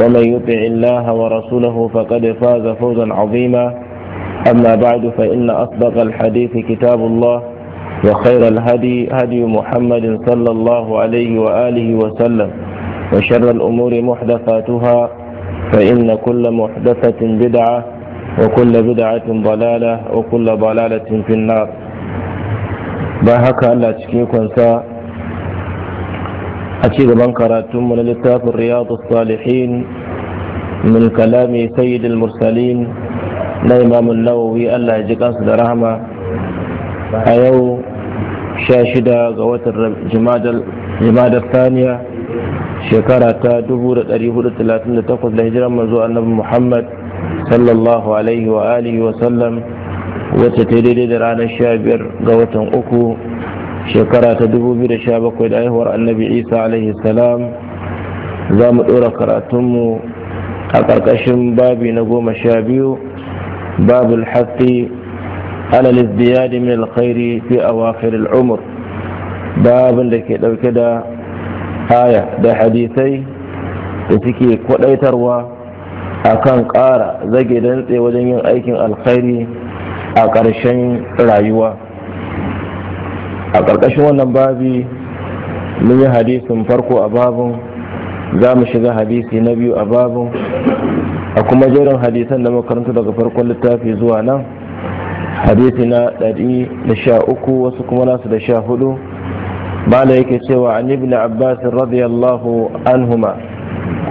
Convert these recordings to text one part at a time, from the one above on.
ومن يطع الله ورسوله فقد فاز فوزا عظيما أما بعد فإن أصدق الحديث كتاب الله وخير الهدي هدي محمد صلى الله عليه وآله وسلم وشر الأمور محدثاتها فإن كل محدثة بدعة وكل بدعة ضلالة وكل ضلالة في النار بهك الله تشكيكم ساء a ci gaban karatunmu na littafin riyadu salihin milkalami kalami sayyid mursalin na imamun nawawi allah ya ji kansu da rahama a yau sha shida ga watan jimadar saniya shekara ta 438 da hijiran manzo annabi muhammad sallallahu alaihi wa wa sallam daidai da ranar sha biyar ga watan uku shekara ta 2017 da haihuwar annabi isa alaihi salam za mu ɗora karatunmu a ƙarƙashin babi na goma sha biyu babu alhaƙi alalis biyadi min alkhairi fi awakhir al'umur babin da ke ɗauke da haya da hadisai da suke kwaɗaitarwa kan ƙara zage dantse wajen yin aikin alkhairi a ƙarshen rayuwa a ƙarƙashin wannan babi mun yi hadisin farko a babin za mu shiga hadisi na biyu a babin a kuma jerin hadisan da makarantar daga farkon littafi zuwa nan hadisi na ɗari da sha uku wasu kuma nasu da sha hudu da yake cewa an bin abbas radiyallahu anhuma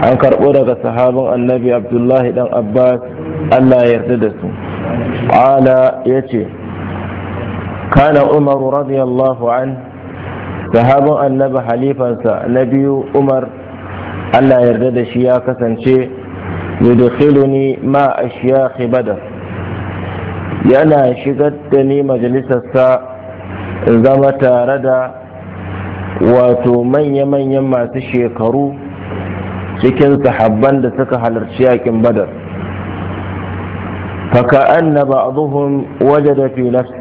an karɓo daga sahabin annabi abdullahi dan abbas allah ya yarda da su ala ya ce كان عمر رضي an عنه sahabin annabi halifansa na biyu umar allah yarda da shi ya kasance yudkhiluni ma ashyakhi badar yana shigar da ni majalisarsa zama tare da wato manya-manyan masu shekaru cikin sahaban da suka halarci yakin badar faka annaba ba'dhum waje fi nafsi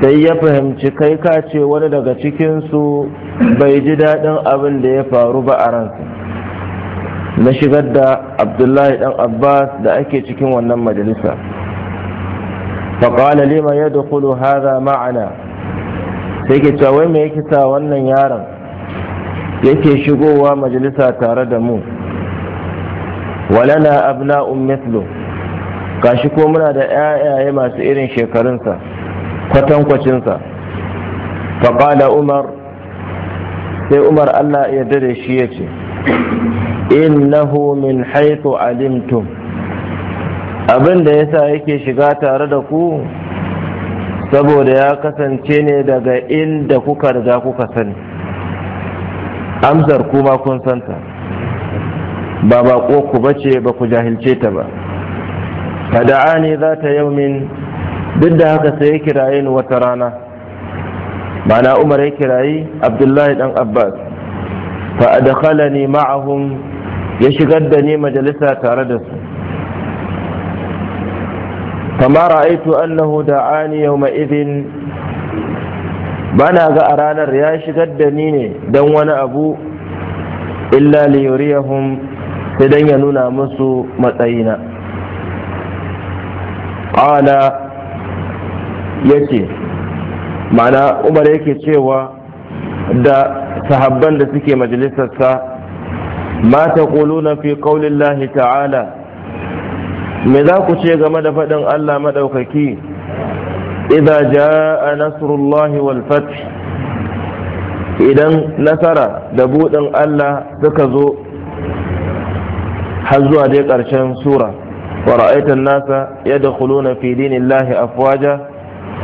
sai ya fahimci kai ka ce wani daga cikinsu bai ji daɗin abin da ya faru ba a ransa na shigar da abdullahi ɗan abbas da ake cikin wannan majalisa faƙala lima ya dukulu haza ma'ana sai ke cewa mai yake sa wannan yaron yake shigowa majalisa tare da mu walana abna'un mithlu gashi ko muna da 'ya'yaye masu irin shekarunsa kwatankwacinsa faƙala umar sai umar allah ya da shi ya ce innahu min haithu alimtum abin da sa yake shiga tare da ku saboda ya kasance ne daga inda kuka riga kuka sani amsar kuma kun santa ba ba ku ba ce, ba ku jahilce ta ba fada'ani za ta min. duk da haka sai ya kiraye ni wata rana mana umar ya kirayi abdullahi dan abbas fa adkhalani ma'ahum ya shigar da ni majalisa tare da su kama ra'aitu annahu da'ani yawma idhin bana ga a ranar ya shigar da ni ne don wani abu illa li yuriyahum sai dan ya nuna musu matsayina qala ya ce ma'ana umar yake cewa da sahabban da suke majalisarsa ma ta na fi kaulillahi ta'ala me za ku ce game da faɗin allah maɗaukaki ja ja'a nasrullahi wal fath idan nasara da buɗin allah suka zo har zuwa dai ƙarshen sura wa ra'aitan nasa na fi dinillahi afwaja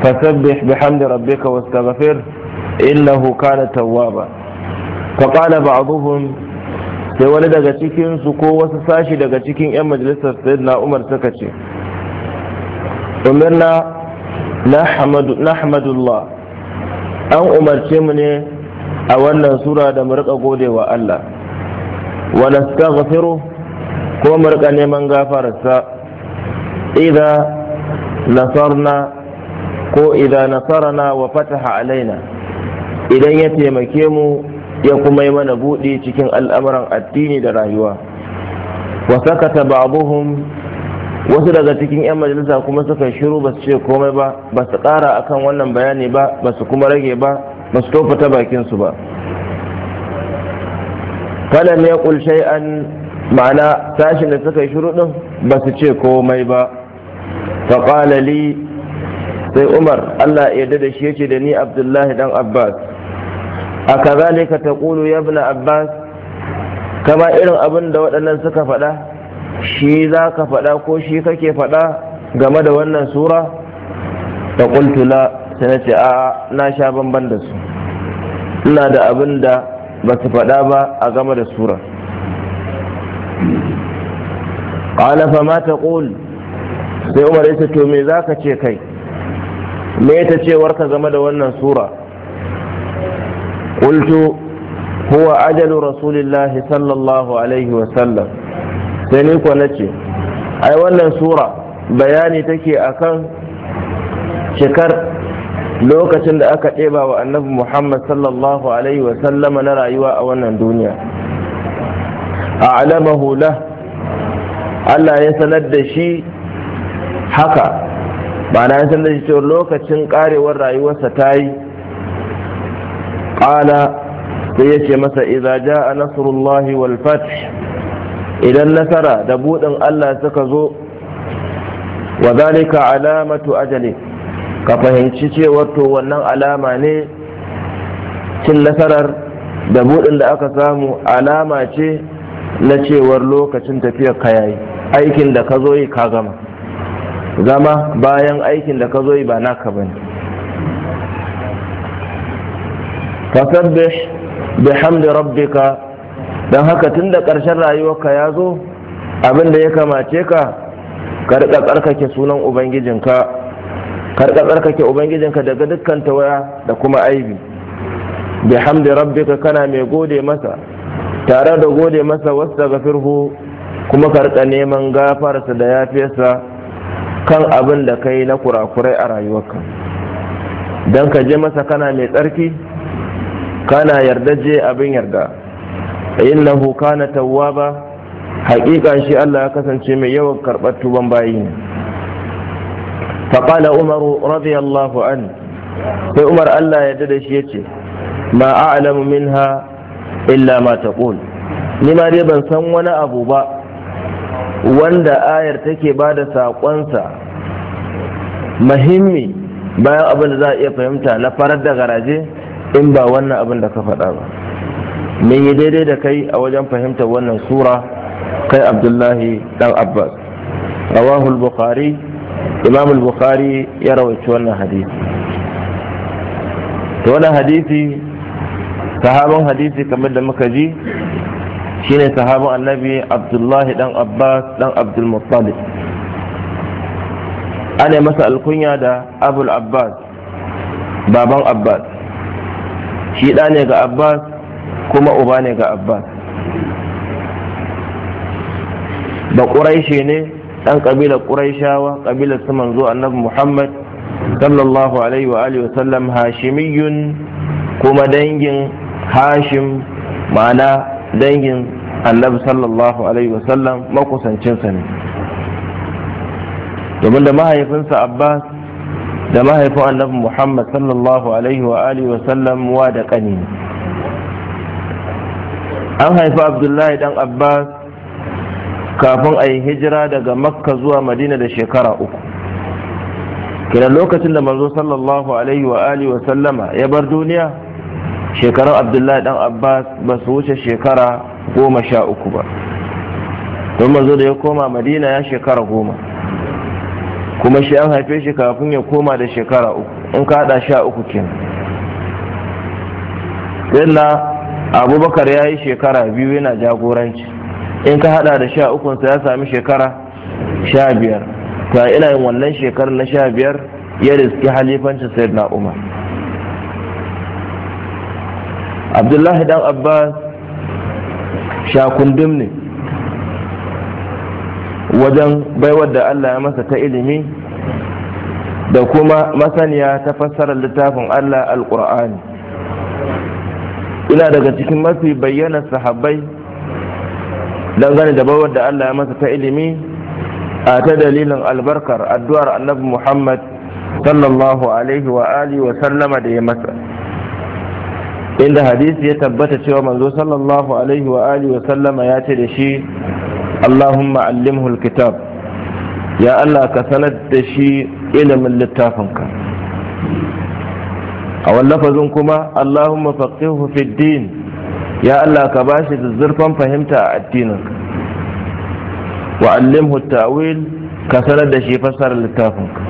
فسبح بحمد ربك واستغفر إنه كان توابا فقال بعضهم sai wani daga cikinsu ko wasu sashi daga cikin 'yan majalisar sayyidina umar suka ce umarna na hamadullah an umarce mu ne a wannan sura da mu godewa wa allah wa nastaghfiru kuma mu neman gafararsa idan nasarna ko idan na wa fataha alaina idan ya taimake mu ya kuma yi mana buɗe cikin al'amuran addini da rayuwa wa sakata ba'dhum wasu daga cikin 'yan majalisa kuma suka shiru ba su ce komai ba ba su ƙara akan wannan bayani ba ba su kuma rage ba ba su tofa ta bakinsu ba falam ya ƙulshe an ma'ana sashin da suka shiru ɗin ba su ce komai ba faƙalali sai umar allah ya yarda da shi yace da ni abdullahi dan abbas a kazalika ta ƙulu ya bin abbas kama irin abin da waɗannan suka faɗa shi za ka faɗa ko shi kake faɗa game da wannan sura ta ƙultula sai na ce a na sha bamban da su ina da abin da ba su faɗa ba a game da sura ƙala fa ma ta ƙul sai umar ya to me za ka ce kai me ta cewar ka game da wannan sura qultu huwa ajalu rasulillahi sallallahu alaihi wasallam sai ni ko ai wannan sura bayani take akan shekar lokacin da aka ɗeba wa annabi muhammad sallallahu alaihi wasallama na rayuwa a wannan duniya a alamahu allah ya sanar da shi haka ma'ana an san da cewa lokacin karewar rayuwarsa ta yi ƙala sai ya ce masa ja a nasrullahi wal idan nasara da buɗin Allah suka zo wa zalika alamatu ajali ka fahimci cewar to wannan alama ne cin nasarar da buɗin da aka samu alama ce na cewar lokacin tafiyar kayayi aikin da ka zo yi ka gama zama bayan aikin da ka zo yi ba naka bane fasabbih bihamdi rabbika don haka tun da ƙarshen rayuwarka ya zo abinda ya kamace ka ka riƙa tsarkake sunan ubangijinka ka riƙa tsarkake ubangijinka daga dukkan tawaya da kuma aibi hamdi rabbika kana mai gode masa tare da gode masa wasu daga firhu kuma ka neman gafarsa da yafiyarsa kan abin da ka yi na kurakurai a rayuwarka don ka je masa kana mai tsarki kana yarda je abin yarda innahu kana tawwaba haƙiƙa shi Allah ya kasance mai yawan karɓar tuban bayi ne faƙala umaru radiyallahu an sai umar Allah ya da shi ya ce ma a'lamu minha illa ma taqul ni ma dai ban san wani abu ba wanda ayar take ba da saƙonsa mahimmi bayan abin da za a iya fahimta na farar da garaje in ba wannan abin da ka faɗa ba me yi daidai da kai a wajen fahimtar wannan sura kai abdullahi dan abbas rawahul bukhari imam bukhari ya rawaci wannan hadisi to wannan hadisi sahaban hadisi kamar da muka ji shine sahabin annabi abdullahi dan abbas dan abdulmuttalib ana masa alkunya da abul abbas baban abbas shi da ne ga abbas kuma uba ne ga abbas ba ƙuraishe ne dan ƙabilar ƙuraishawa ƙabilar su manzo annabi muhammad sallallahu alaihi wa alihi wasallam hashimiyun kuma dangin hashim ma'ana dangin annabi sallallahu alaihi wasallam makusancinsa ne domin da mahaifinsa abbas da mahaifin annabi muhammad sallallahu alaihi wa alihi wasallam wa da kani an haifi abdullahi dan abbas kafin a yi hijira daga makka zuwa madina da shekara uku kira lokacin da manzo sallallahu alaihi wa alihi wasallama ya bar duniya Shekarar abdullahi dan abbas ba su wuce shekara goma sha uku ba don mazo da ya koma madina ya shekara goma kuma shi an haife shi kafin ya koma da shekara uku in ka hada sha uku kin illa abubakar ya yi shekara biyu yana jagoranci in ka hada da sha ukunsa ya sami shekara sha biyar ta ina yin wannan shekarar na sha biyar ya riski halifancin na umar abdullahi dan abbas shakundum ne wajen baiwar da allah ya masa ta ilimi da kuma masaniya ta fassarar littafin allah alkur'ani ina daga cikin mafi bayyana sahabbai dangane da baiwar da allah ya masa ta ilimi a ta dalilin albarkar addu'ar annabi muhammad sallallahu alaihi wa alihi wa sallama da ya masa inda hadisi ya tabbata cewa manzo sallallahu alaihi wa alihi wa sallama ya ce da shi Allahumma allimhu alkitab ya Allah ka sanar da shi ilimin littafinka a wallafazin kuma Allahumma faqihu fid din ya Allah ka bashi zurfan fahimta a addininka wa allimhu ta'wil ka sanar da shi fassarar littafinka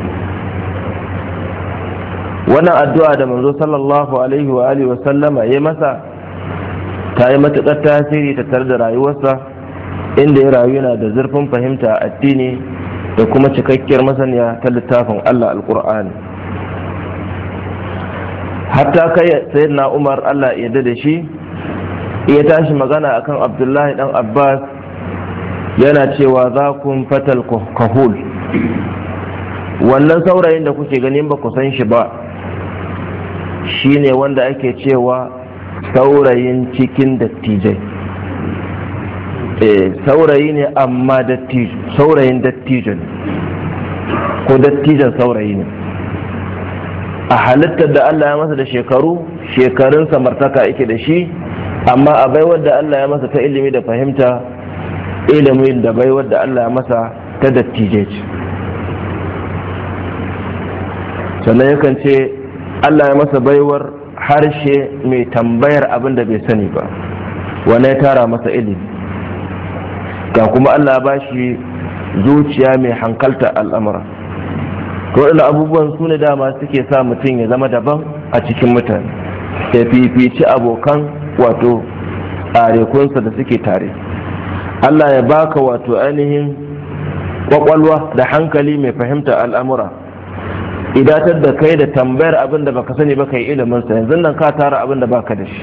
wannan addu'a da manzo sallallahu alaihi wa alihi wa sallama ya masa ta yi matuƙar tasiri ta tare da rayuwarsa inda ya rayu yana da zurfin fahimta addini da kuma cikakkiyar masaniya ta littafin Allah alƙur'ani hatta kai sayyidina Umar Allah ya da shi ya tashi magana akan Abdullahi dan Abbas yana cewa za ku fatal kahul wannan saurayin da kuke ganin ba ku san shi ba shine wanda ake cewa saurayin cikin dattijai eh, saurayi ne amma saurayin dattijan ko dattijan saurayi ne a halittar da allah ya masa da shekaru shekarun samartaka ake da shi amma a baiwar da allah ya masa ta ilimi da fahimta ilimin da baiwar da allah ya masa ta dattijai ce sannan yakan ce allah ya masa baiwar harshe mai tambayar abin da bai sani ba wanda ya tara masa ilimi ga kuma allah ba shi zuciya mai hankalta al'amura waɗanda abubuwan su ne dama suke sa mutum ya zama daban a cikin mutane ya fifici abokan wato tsarekunsa da suke tare allah ya baka wato ainihin kwakwalwa da hankali mai fahimta al'amura idatar da kai da tambayar abin da baka sani baka yi ilimin sa yanzu nan ka tara abin da baka da shi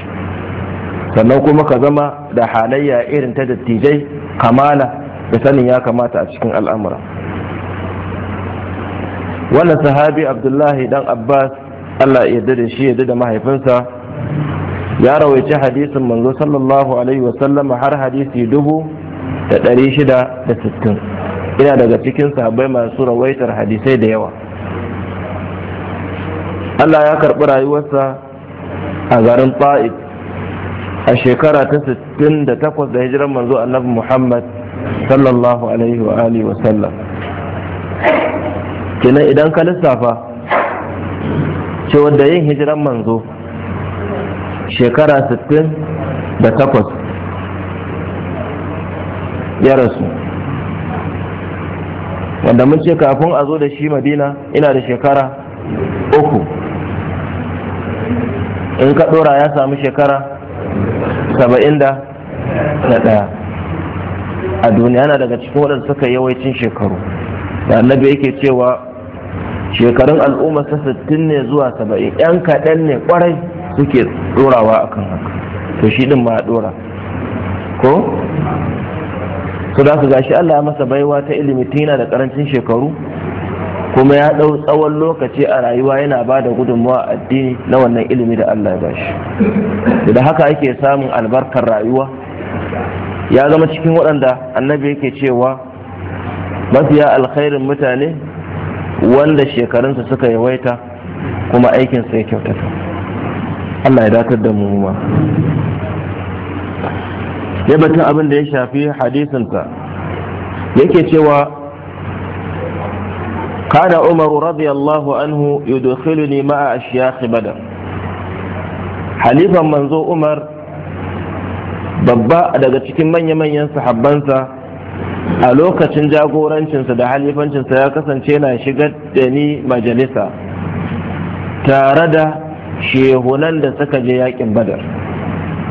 sannan kuma ka zama da halayya irin ta dattijai kamala da sanin ya kamata a cikin al'amura wannan sahabi abdullahi dan abbas allah yarda da shi yarda da mahaifinsa ya rawaice hadisin manzo sallallahu alaihi wasallam har hadisi dubu da ɗari shida da sittin ina daga cikin sahabbai masu rawaitar hadisai da yawa Allah ya karɓi rayuwarsa a garin fa’id a shekara ta 68 da takwas da hijiran manzo Annabi Muhammad sallallahu alaihi wa alihi wa sallam kenan idan ka lissafa cewa da yin hijiran manzo shekara 68 ya rasu wanda mun ce kafin a zo da shi madina ina da shekara uku in ka ɗora ya samu shekara saba'in da na ɗaya a duniya na daga cikin waɗanda suka yawaicin shekaru da annabi yake cewa shekarun al'umma ta sittin ne zuwa saba'in yan kaɗan ne ƙwarai suke ɗorawa akan haka to shi ɗin ma ɗora ko su za su gashi allah ya masa baiwa ta ilimi tina da ƙarancin shekaru kuma ya ɗau tsawon lokaci a rayuwa yana ba da gudunmawa addini na wannan ilimi da Allah ya bashi da haka ake samun albarkar rayuwa ya zama cikin waɗanda annabi yake cewa mafiya alkhairin mutane wanda shekarunsa suka yawaita kuma aikinsa ya kyautata Allah ya dakar da mu ma ya batun abin da ya shafi hadisinsa yake cewa kana umaru radiyallahu anhu yudkhiluni ma'a ashiyakh badar halifan manzo umar babba daga cikin manya-manyan sahabbansa a lokacin jagorancinsa da halifancinsa ya kasance na shigar da ni majalisa tare da shehunan da suka je yakin badar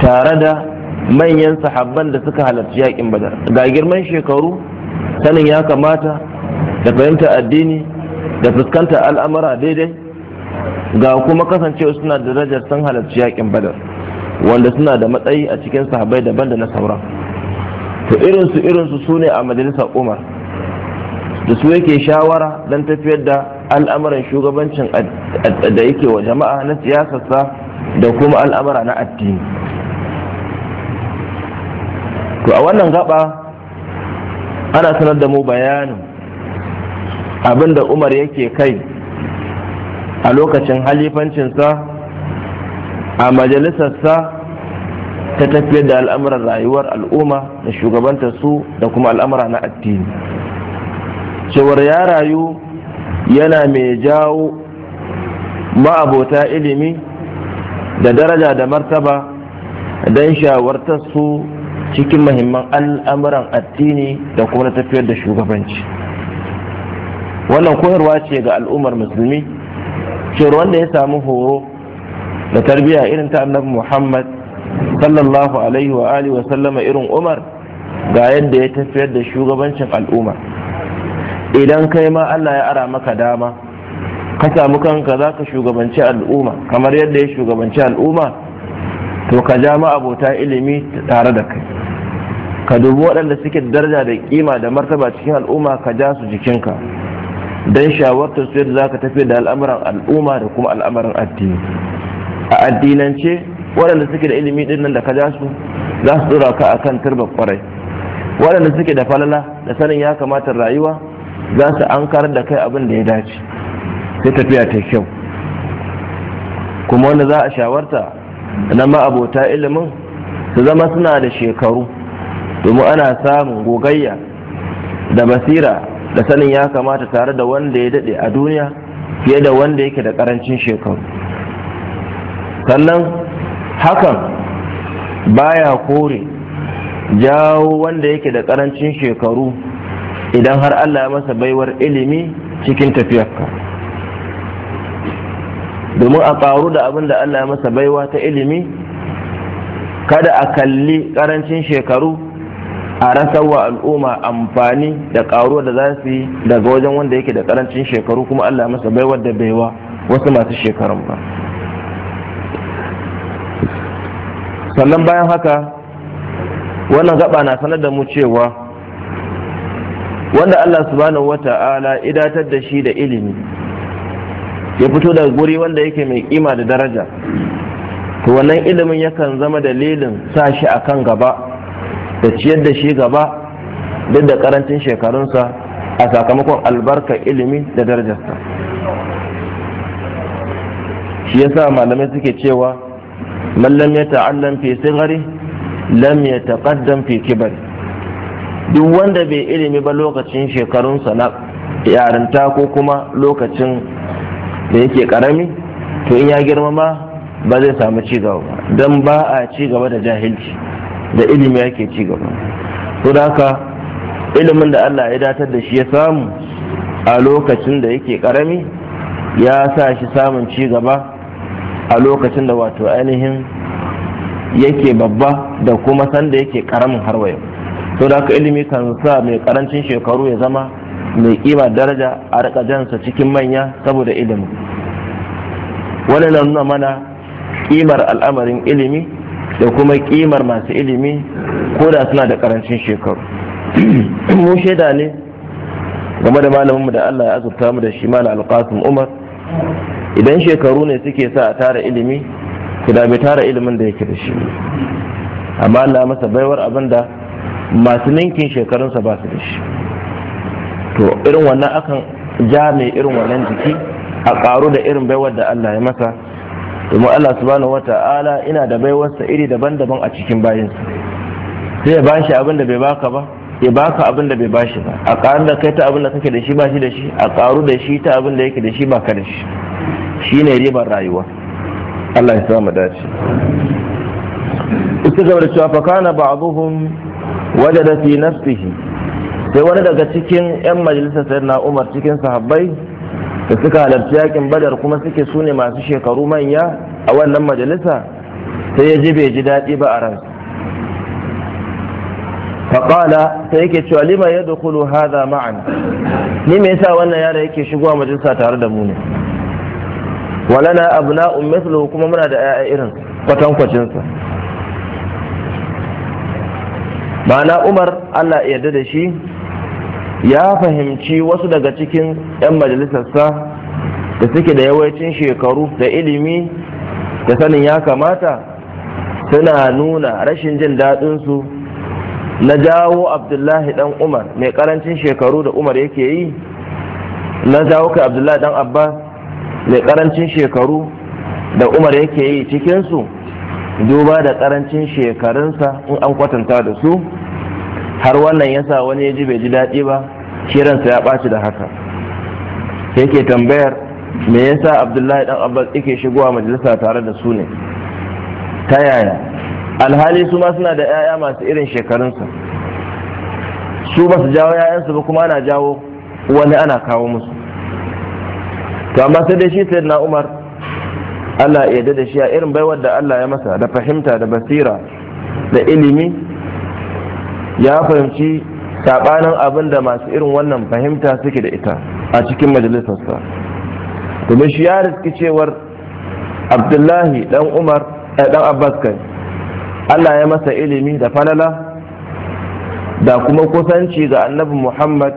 tare da manyan sahabban da suka halarci yakin badar ga girman shekaru sanin ya kamata da fahimta addini da fuskantar al'amura daidai ga kuma kasancewa suna da darajar sun halarci yakin badar wanda suna da matsayi a cikin sahabai daban da na sauran to irinsu irinsu su ne a majalisar umar da su yake shawara don tafiyar da al'amuran shugabancin da yake wa jama'a na siyasarsa da kuma al'amura na addini to a wannan gaba ana sanar da mu bayanin abin da umar yake kai a lokacin halifancinsa a majalisarsa ta tafiyar da al'amuran rayuwar al'umma da shugabanta su da kuma al'amura na addini cewar ya rayu yana mai jawo ma'abota ilimi da daraja da martaba don shawartar su cikin mahimman al'amuran addini da kuma tafiyar da shugabanci wannan koyarwa ce ga al'ummar musulmi cewar wanda ya samu horo da tarbiyya irin ta annabi muhammad sallallahu alaihi wa alihi wa sallama irin umar ga yadda ya tafiyar da shugabancin al'umma idan kai ma allah ya ara maka dama ka samu kanka za ka shugabanci al'umma kamar yadda ya shugabanci al'umma to ka ja ma abota ilimi tare da kai ka dubi waɗanda suke daraja da kima da martaba cikin al'umma ka ja su jikinka don shawartar su yadda za ka tafi da al'amuran al'umma da kuma al'amuran addini a addinance waɗanda suke da ilimi ɗin da ka ja su za su tsura ka akan turba kwarai waɗanda suke da falala da sanin ya kamata rayuwa za su an da kai abin da ya dace sai tafiya ta kyau kuma wanda za a shawarta na ma'abota ilimin su zama suna da shekaru domin ana samun gogayya da basira da sanin ya kamata tare da wanda ya daɗe a duniya fiye da wanda yake da ƙarancin shekaru sannan hakan baya kore jawo wanda yake da ƙarancin shekaru idan har allah ya masa baiwar ilimi cikin tafiyarka domin a ƙaru da abin da allah ya masa baiwa ta ilimi kada a kalli ƙarancin shekaru a rasarwa al'umma amfani da ƙaruwa da za su yi daga wajen wanda yake da karancin shekaru kuma allah masa baiwar da baiwa wasu masu shekarun ba sannan bayan haka wannan gaba na sanar da mu cewa wanda allah subhanahu wa ta'ala idatar da shi da ilimi ya fito da guri wanda yake mai kima da daraja to wannan ilimin yakan zama dalilin sa shi akan gaba da ciyar da shi gaba duk da karancin shekarunsa a sakamakon albarka ilimi da darajarsa shi yasa malamai suke cewa mallam ya ta'allam fi sigari lam ya taqaddam fi kibari duk wanda bai ilimi ba lokacin shekarunsa na yarinta ko kuma lokacin da yake karami to in ya girma ba zai samu cigaba ba don ba a ci gaba da jahilci da ilimi yake ci gaba to haka ilimin da Allah ya datar da shi ya samu a lokacin da yake karami ya sa shi samun ci gaba a lokacin da wato ainihin yake babba da kuma sanda yake karamin har wayo to da ilimi kan sa mai karancin shekaru ya zama mai kima daraja a rika jansa cikin manya saboda ilimi wannan na nuna mana kimar al'amarin ilimi da kuma kimar masu ilimi ko da suna da karancin shekaru mu shaida ne game da malaminmu da Allah ya azurta mu da shi mal alqasim umar idan shekaru ne suke sa a tara ilimi ku da bai tara ilimin da yake da shi amma Allah masa baiwar abin da masu ninkin shekarunsa ba su da shi to irin wannan akan ja mai irin wannan jiki a ƙaru da irin baiwar da Allah ya masa domin Allah subhanahu ta'ala ina da baiwarsa iri daban-daban a cikin bayinsa sai ya bashi abin da bai baka ba ya baka abin da bai bashi ba a ƙaru da kai ta abin da kake da shi ba shi da shi a ƙaru da shi ta abin da yake da shi ba ka da shi shi ne ribar rayuwa Allah ya sa mu dace suka gaba da cewa fa kana ba'dhum wajada fi nafsihi sai wani daga cikin yan majalisar sayyidina Umar cikin sahabbai da suka halarci yakin badar kuma suke su ne masu shekaru manya a wannan majalisa sai ya ji bai ji daɗi ba a ran. faƙala sai yake cewa lima ya dukulu haza ma'an ni me yasa wannan yara yake shigowa majalisa tare da mu ne walana abna mithluhu kuma muna da 'ya'ya irin kwatankwacinsa ma'ana umar allah yarda da shi ya fahimci wasu daga cikin 'yan majalisarsa da suke da yawancin shekaru da ilimi da sanin ya kamata suna nuna rashin jin daɗinsu na jawo abdullahi dan umar mai karancin shekaru da umar yake yi na jawo kai abdullahi dan abbas mai karancin shekaru da umar yake yi cikinsu duba da ƙarancin shekarunsa in an kwatanta da su har wannan yasa wani ya ji bai ji daɗi ba shiransa ya ɓaci da haka yake tambayar me yasa abdullahi dan abbas yake shigowa majalisa tare da su ne ta yaya alhali su ma suna da 'ya'ya masu irin shekarunsa su ba su jawo 'ya'yansu ba kuma ana jawo wani ana kawo musu to amma sai dai shi sai na umar allah ya da shi a irin baiwar da allah ya masa da fahimta da basira da ilimi ya fahimci sabanin abin da masu irin wannan fahimta suke da ita a cikin majalisarsa domin shi ya rikicewar abdullahi dan umar dan eh, abbas kai allah ya masa ilimi da falala da kuma kusanci ga annabi muhammad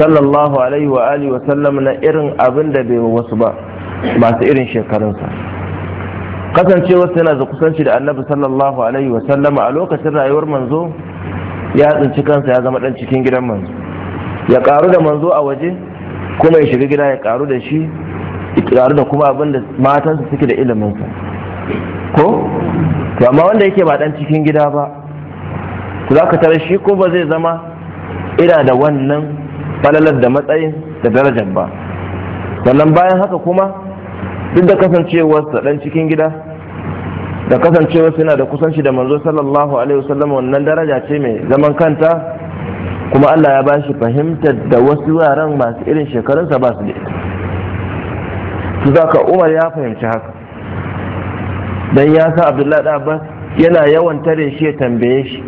sallallahu alaihi wa alihi wa sallam na irin abin da bai wasu ba masu irin shekarunsa kasancewarsa yana da kusanci da annabi sallallahu alaihi wa sallama a lokacin rayuwar manzo ya tsinci kansa ya zama dan cikin gidan manzo ya karu da manzo a waje kuma ya shiga gida ya karu da shi ya karu da kuma abin da matansa suke da iliminsa ko to amma wanda yake ba dan cikin gida ba ku za ka tare shi ko ba zai zama ina da wannan falalar da matsayin da darajar ba sannan bayan haka kuma duk da kasancewarsa dan cikin gida da kasancewa suna da kusanci da manzo sallallahu alaihi wasallam wannan daraja ce mai zaman kanta kuma Allah ya bashi fahimta da wasu yaran masu irin shekarunsa ba su da ita su zaka Umar ya fahimci haka dan ya sa Abdullahi da Abbas yana yawan tare shi ya tambaye shi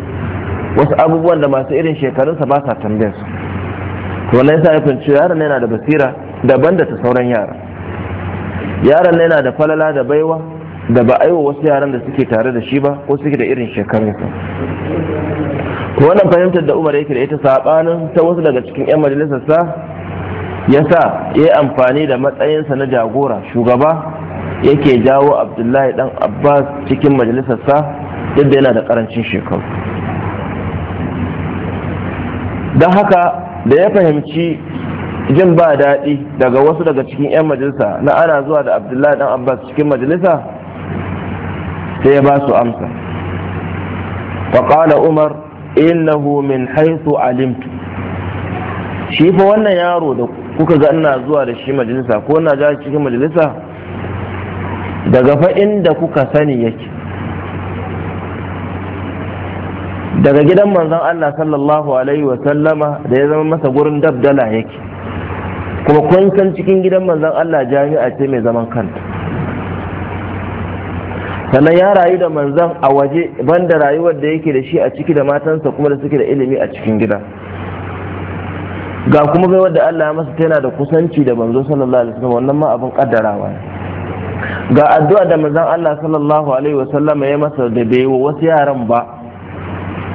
wasu abubuwan da masu irin shekarunsa ba sa tambayar su wannan yasa ya fahimci yaron yana da basira daban da ta sauran yara yaron yana da falala da baiwa da ba yi wa wasu yaran da suke tare da shi ba ko suke da irin shekarunsa to wannan fahimtar da umar yake da ita sabanin ta wasu daga cikin 'yan majalisarsa ya sa ya yi amfani da matsayinsa na jagora shugaba yake jawo abdullahi dan abbas cikin majalisarsa sa yadda yana da karancin shekaru don haka da ya fahimci jin ba daɗi daga wasu daga cikin 'yan majalisa na ana zuwa da abdullahi dan abbas cikin majalisa sai ya ba su amsa faƙala umar innahu min haithu alimtu shi fa wannan yaro da kuka ga ina zuwa da shi majalisa ko na ja cikin majalisa daga fa inda kuka sani yake daga gidan manzon Allah sallallahu alaihi wa sallama da ya zama masa gurin dabdala yake kuma kun san cikin gidan manzon Allah jami'a ce mai zaman kanta sannan ya rayu da manzan a waje banda rayuwar da yake da shi a ciki da matansa kuma da suke da ilimi a cikin gida ga kuma bai wadda Allah ya masa tana da kusanci da manzo sallallahu alaihi wasallam wannan ma abin kaddarawa ga addu'a da manzon Allah sallallahu alaihi wasallam ya masa da bai wa wasu yaran ba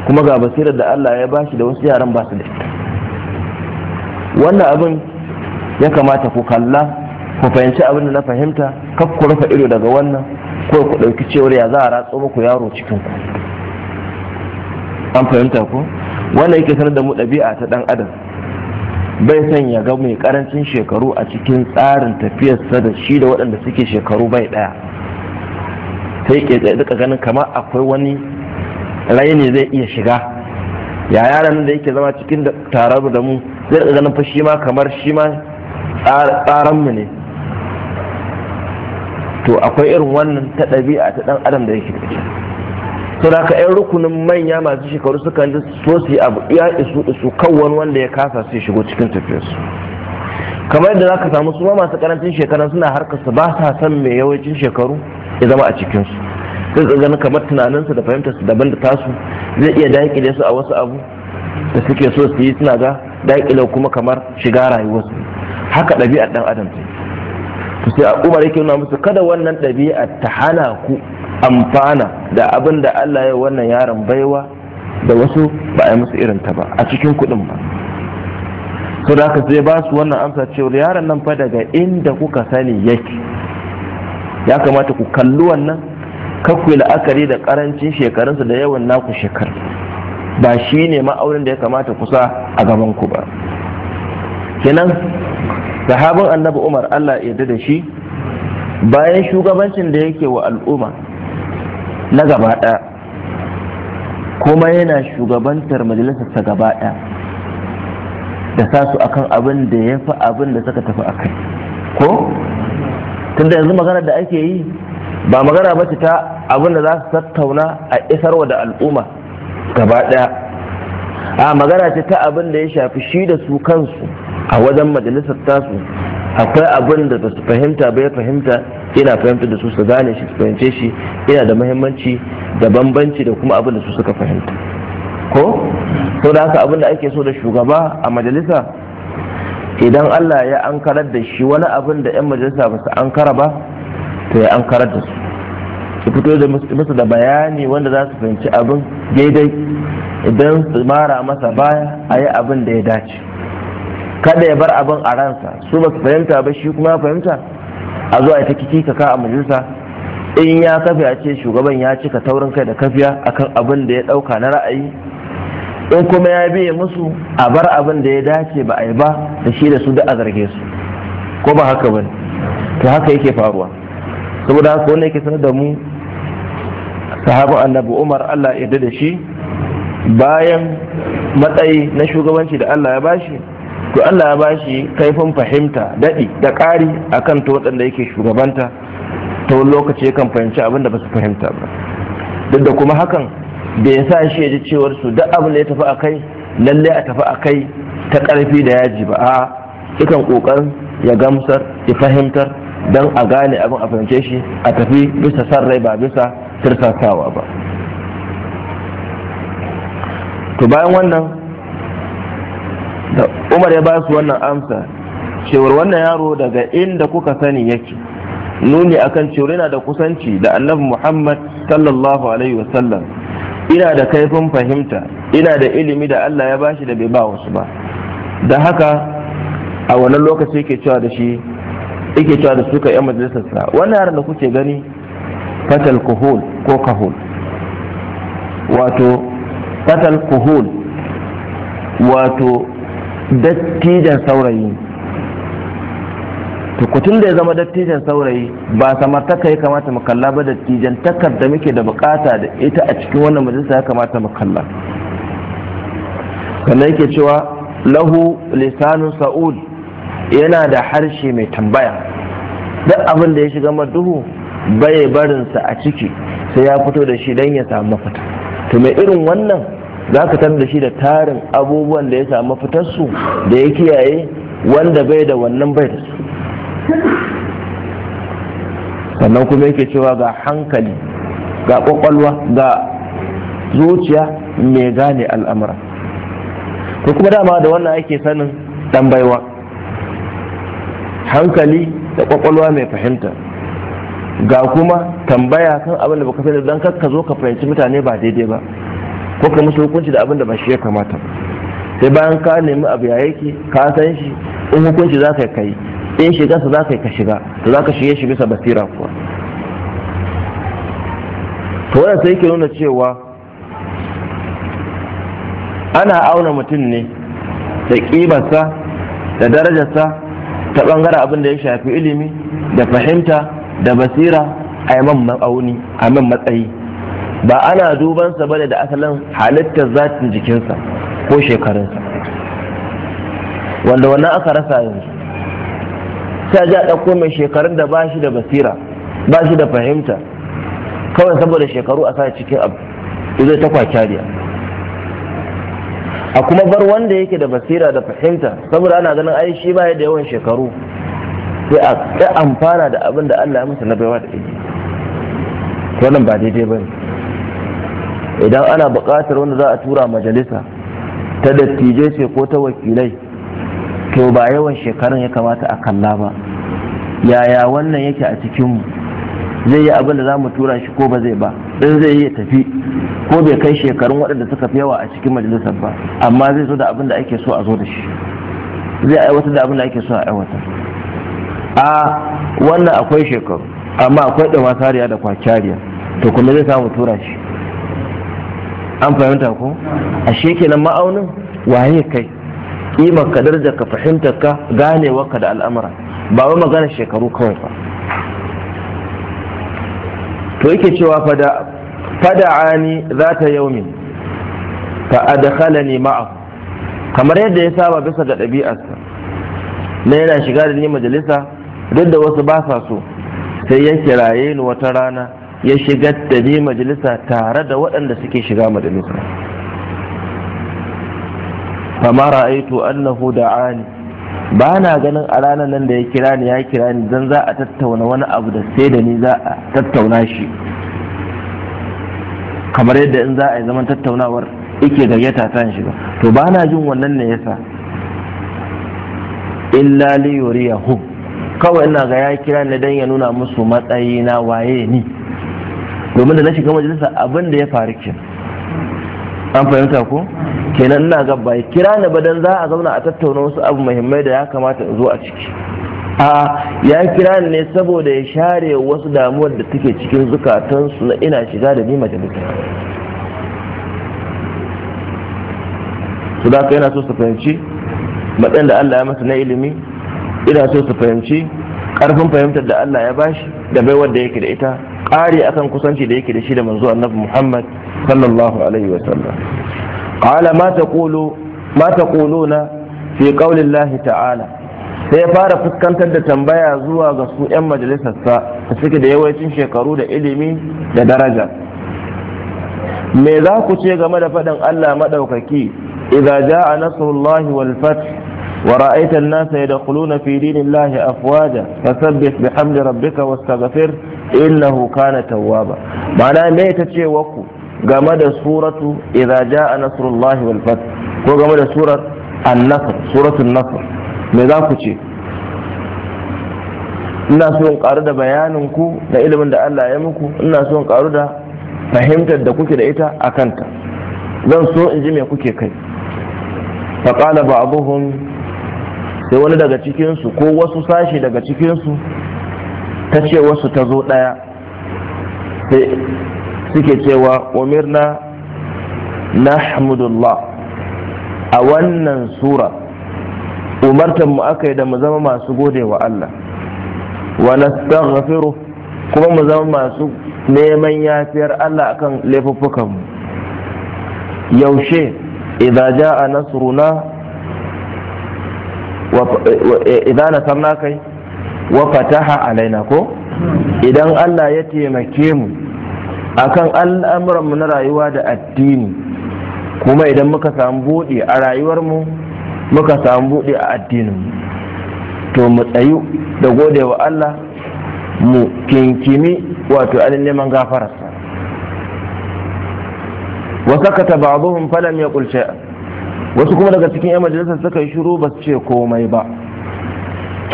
kuma ga basira da Allah ya bashi da wasu yaran ba su da ita wannan abin ya kamata ku kalla ku fahimci abin da na fahimta kaf ku rufe ido daga wannan ko ku ɗauki cewar ya za a ratso muku yaro cikin ku an fahimta ku? wannan yake sanar da mu ɗabi'a ta ɗan adam bai san ya ga mai karancin shekaru a cikin tsarin tafiyarsa da shi da waɗanda suke shekaru bai ɗaya sai ke duka ganin kamar akwai wani layini zai iya shiga ya yaran da yake zama cikin tarar da mu zai ganin fa shi ma kamar shi ma tsaranmu ne to akwai irin wannan ta ɗabi'a ta ɗan adam da yake da to da ka yan rukunin manya masu shekaru suka so su yi abu ya isu isu kawon wanda ya kasa su shigo cikin tafiyarsu kamar yadda zaka samu su ma masu karancin shekaru suna harkar su ba sa san mai yawancin shekaru ya zama a cikinsu, su sai tsaganin kamar tunaninsu da su daban da tasu zai iya daƙile su a wasu abu da suke so su yi suna ga daƙile kuma kamar shiga rayuwarsu haka ɗabi'ar ɗan adam ce sai umar yake nuna musu kada wannan ɗabi'a ta hana ku amfana da abin da Allah ya wannan yaron baiwa da wasu ba a yi musu irin ta ba a cikin kuɗin ba su da ka sai ba su wannan amsa cewar yaron nan fa daga inda kuka sani yake ya kamata ku kalli wannan kakwai la'akari da karancin shekarunsa da yawan naku shekar ba shi ne ma'aunin da ya kamata kusa a gaban ku ba kenan sahabin annabi umar allah ya da shi bayan shugabancin da yake wa al'umma na gaba ɗaya kuma yana shugabantar ta gaba ɗaya da sa su akan abin da ya fi abin da suka tafi akai ko tunda yanzu magana da ake yi ba magana ba ta abin da za su tattauna a isarwa da al'umma gaba ɗaya a magana ce ta abin da ya shafi shi da su kansu a wajen majalisar tasu akwai abin da ba su fahimta ba ya fahimta ina fahimta da su su gane shi su fahimce shi ina da muhimmanci da bambanci da kuma abin da su suka fahimta ko to da haka abin da ake so da shugaba a majalisa idan Allah ya ankarar da shi wani abin da 'yan majalisa ba su ankara ba to ya ankarar da su su fito da musu da bayani wanda za su fahimci abin daidai idan su mara masa baya a yi abin da ya dace kada ya bar abin a ransa su ba su fahimta ba shi kuma ya fahimta a zuwa ta kiki ka a majalisa in ya kafi a ce shugaban ya cika taurin kai da kafiya akan abin da ya dauka na ra'ayi in kuma ya biye musu a bar abin da ya dace ba a yi ba da shi da su da a zarge su ko ba haka ba to haka yake faruwa saboda haka wanda yake sanar da mu sahaban annabi umar allah ya da shi bayan matsayi na shugabanci da allah ya bashi to Allah ya bashi kaifin fahimta daɗi da ƙari akan ta waɗanda yake shugabanta ta wani lokaci ya kan fahimci abin da ba su fahimta ba duk da kuma hakan da ya sa shi ya ji cewar su duk abin da ya tafi a kai lallai a tafi a kai ta ƙarfi da yaji ba a ikan ƙoƙar ya gamsar ya fahimtar don a gane abin a fahimce shi a tafi bisa san rai ba bisa tirsasawa ba to bayan wannan da umar ya ba su wannan amsa cewar wannan yaro daga inda kuka sani yake nuni akan cewar yana da kusanci da annabi muhammad sallallahu alaihi wasallam ina da kaifin fahimta ina da ilimi da allah ya bashi da bai ba wasu ba da haka a wannan lokaci yake cewa da shi yake cewa da suka yan majalisarsa wannan yaron da kuke gani fatal kuhul ko kahul wato fatal kuhul wato dattijan saurayi tukutun da ya zama dattijan saurayi ba samartaka ya kamata mu kalla ba dattijan takar da muke da bukata da ita a cikin wannan majalisa ya kamata mu kalla sannan yake cewa lahu lisanun sa'ud yana da harshe mai tambaya duk abin da ya shiga maduhu bai barinsa a ciki sai ya fito da shi don ya samu mafita to mai irin wannan za ka da shi da tarin abubuwan da ya samu fitarsu da ya kiyaye wanda bai da wannan bai da su sannan kuma yake cewa ga hankali ga kwakwalwa ga zuciya mai gane al'amura Ko kuma dama da wannan ake sanin dan hankali da kwakwalwa mai fahimta ga kuma tambaya kan abin da baka sani don ka zo ka fahimci mutane ba daidai ba ko ka musu hukunci da abin ba shi ya kamata sai bayan ka nemi abu ya yake ka san shi in hukunci za ka kai in shiga sa za ka ka shiga to za ka shige shi bisa basira kuwa to wannan sai yake nuna cewa ana auna mutum ne da ƙibarsa da darajarsa ta ɓangaren abinda ya shafi ilimi da fahimta da basira a yi a man matsayi ba ana duban sa bane da asalin halittar zatin jikinsa ko shekarunsa wanda wannan aka rasa yanzu sai ja ɗauko mai shekarun da ba shi da basira ba shi da fahimta kawai saboda shekaru a sa cikin abu zai ta kwakariya a kuma bar wanda yake da basira da fahimta saboda ana ganin ai shi ba da yawan shekaru sai a ta amfana da abin da Allah ya masa na baiwa da ilimi wannan ba daidai bane idan ana buƙatar wanda za a tura majalisa ta dattijai ce ko ta wakilai to ba yawan shekarun ya kamata a kalla ba yaya wannan yake a cikinmu zai yi abin da za mu tura shi ko ba zai ba in zai yi tafi ko bai kai shekarun waɗanda suka fi yawa a cikin majalisar ba amma zai zo da abin da ake so a zo da shi zai aiwatar da abin da ake so a aiwatar a wannan akwai shekaru amma akwai ɗama da kwakyariya to kuma zai samu tura shi an fahimta ko ashe kenan ma'aunin waye kai Ƙima ka da ka fahimta ka gane waka da al'amura ba wai magana shekaru kawai ba to yake cewa fada fada'ani zata yaumin fa adkhalani ma'a kamar yadda ya saba bisa ga ɗabi'arsa na yana shiga da ni majalisa duk da wasu ba sa so sai ya kiraye ni wata rana ya shiga da ne majalisa tare da waɗanda suke shiga majalisa fama ra'aitu annahu da'ani ba na ganin a ranar nan da ya kira ni ya kira ni don za a tattauna wani abu da sai da ni za a tattauna shi kamar yadda in za a yi zaman tattaunawar ike gayyata ta shiga to ba na jin wannan ne yasa illa li kawai ina ga ya kira ni don ya nuna musu matsayi na waye ni domin da na shiga majalisa abin da ya faru ke an fahimta ko kenan ina ga bai kira ni ba dan za a zauna a tattauna wasu abu muhimmai da ya kamata in zo a ciki a ya kira ni ne saboda ya share wasu damuwar da take cikin zukatansu na ina shiga da ni majalisa su da yana so su fahimci matsayin da Allah ya masa na ilimi ina so su fahimci karfin fahimtar da Allah ya bashi da baiwar da yake da ita ƙari akan kusanci da yake da shi da manzo annabi Muhammad sallallahu alaihi wa sallam qala ma taqulu ma taquluna fi qaulillahi ta'ala sai ya fara fuskantar da tambaya zuwa ga su 'yan majalisarsa da suke da yawancin shekaru da ilimi da daraja me za ku ce game da faɗin Allah maɗaukaki idza ja'a nasrullahi wal fath wa ra'aita an-nasa yadkhuluna fi dinillahi afwaja fasabbih bihamdi rabbika wastaghfir innahu kana tawwaba ma'ana me ta ce waku game da suratu idza jaa nasrullahi wal fath ko game da surar an-nasr suratul nasr me za ku ce ina so in karu da bayanin ku da ilimin da Allah ya muku ina so in karu da fahimtar da kuke da ita a kanta zan so in ji me kuke kai qala ba'dhum sai wani daga cikinsu ko wasu sashi daga cikinsu ta ce wasu ta zo ɗaya suke cewa umirna hamdullah a wannan sura umartan mu aka yi da mu zama masu gode wa Allah wa nastaghfiru kuma mu zama masu neman yafiyar Allah akan laifuffukan mu yaushe idza jaa nasruna wa idza nasarna kai wa fataha alaina ko idan Allah ya taimake mu akan al'amuranmu na rayuwa da addini kuma idan muka samu buɗe a rayuwarmu muka samu buɗe a addinin to mu tsayu da gode wa Allah mu kinkimi wato alin neman gafararsa wa sakata ba'dhum falam yaqul shay'a wasu kuma daga cikin 'yan majalisar suka yi shiru ba su ce komai ba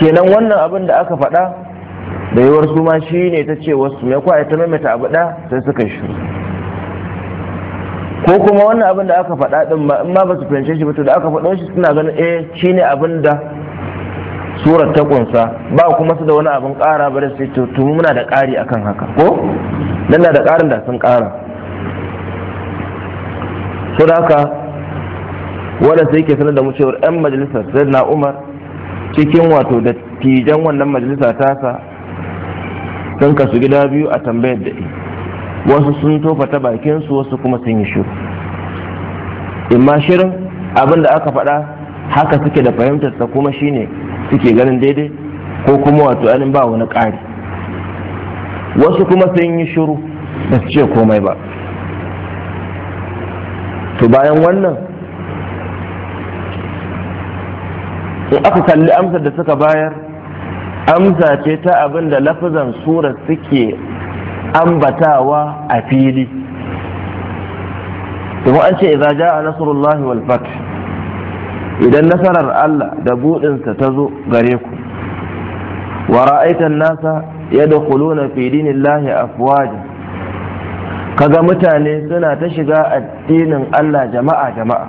kenan wannan abin da aka faɗa da yawar su ma shi ne ta ce wasu mai kwa ta maimaita abu ɗa sai suka shi ko kuma wannan abin da aka faɗa ɗin ba in ma ba su fahimce shi ba to da aka faɗo shi suna ganin eh shi ne abin da surar ta kunsa ba kuma su da wani abin ƙara ba da sai to muna da ƙari akan haka ko dan da ƙarin da sun ƙara so haka wanda sai ke sanar da mu cewa 'yan majalisar na umar cikin wato da tijan wannan majalisa tasa sun kasu gida biyu a tambayar da wasu sun tofa ta bakinsu wasu kuma sun yi shiru imma shirin abin da aka faɗa haka suke da fahimtar ta kuma shine suke ganin daidai ko kuma wato anin ba wani ƙari wasu kuma sun yi shiru da su ce komai ba to bayan wannan in aka kalli Amsa da suka bayar amsa ce ta abin da lafazan surar suke ambatawa a fili kuma an ce idza jaa nasrullahi wal fath idan nasarar Allah da buɗinsa ta zo gare ku wa ra'aitan nasa yadkhuluna fi dinillahi afwaja kaga mutane suna ta shiga addinin Allah jama'a jama'a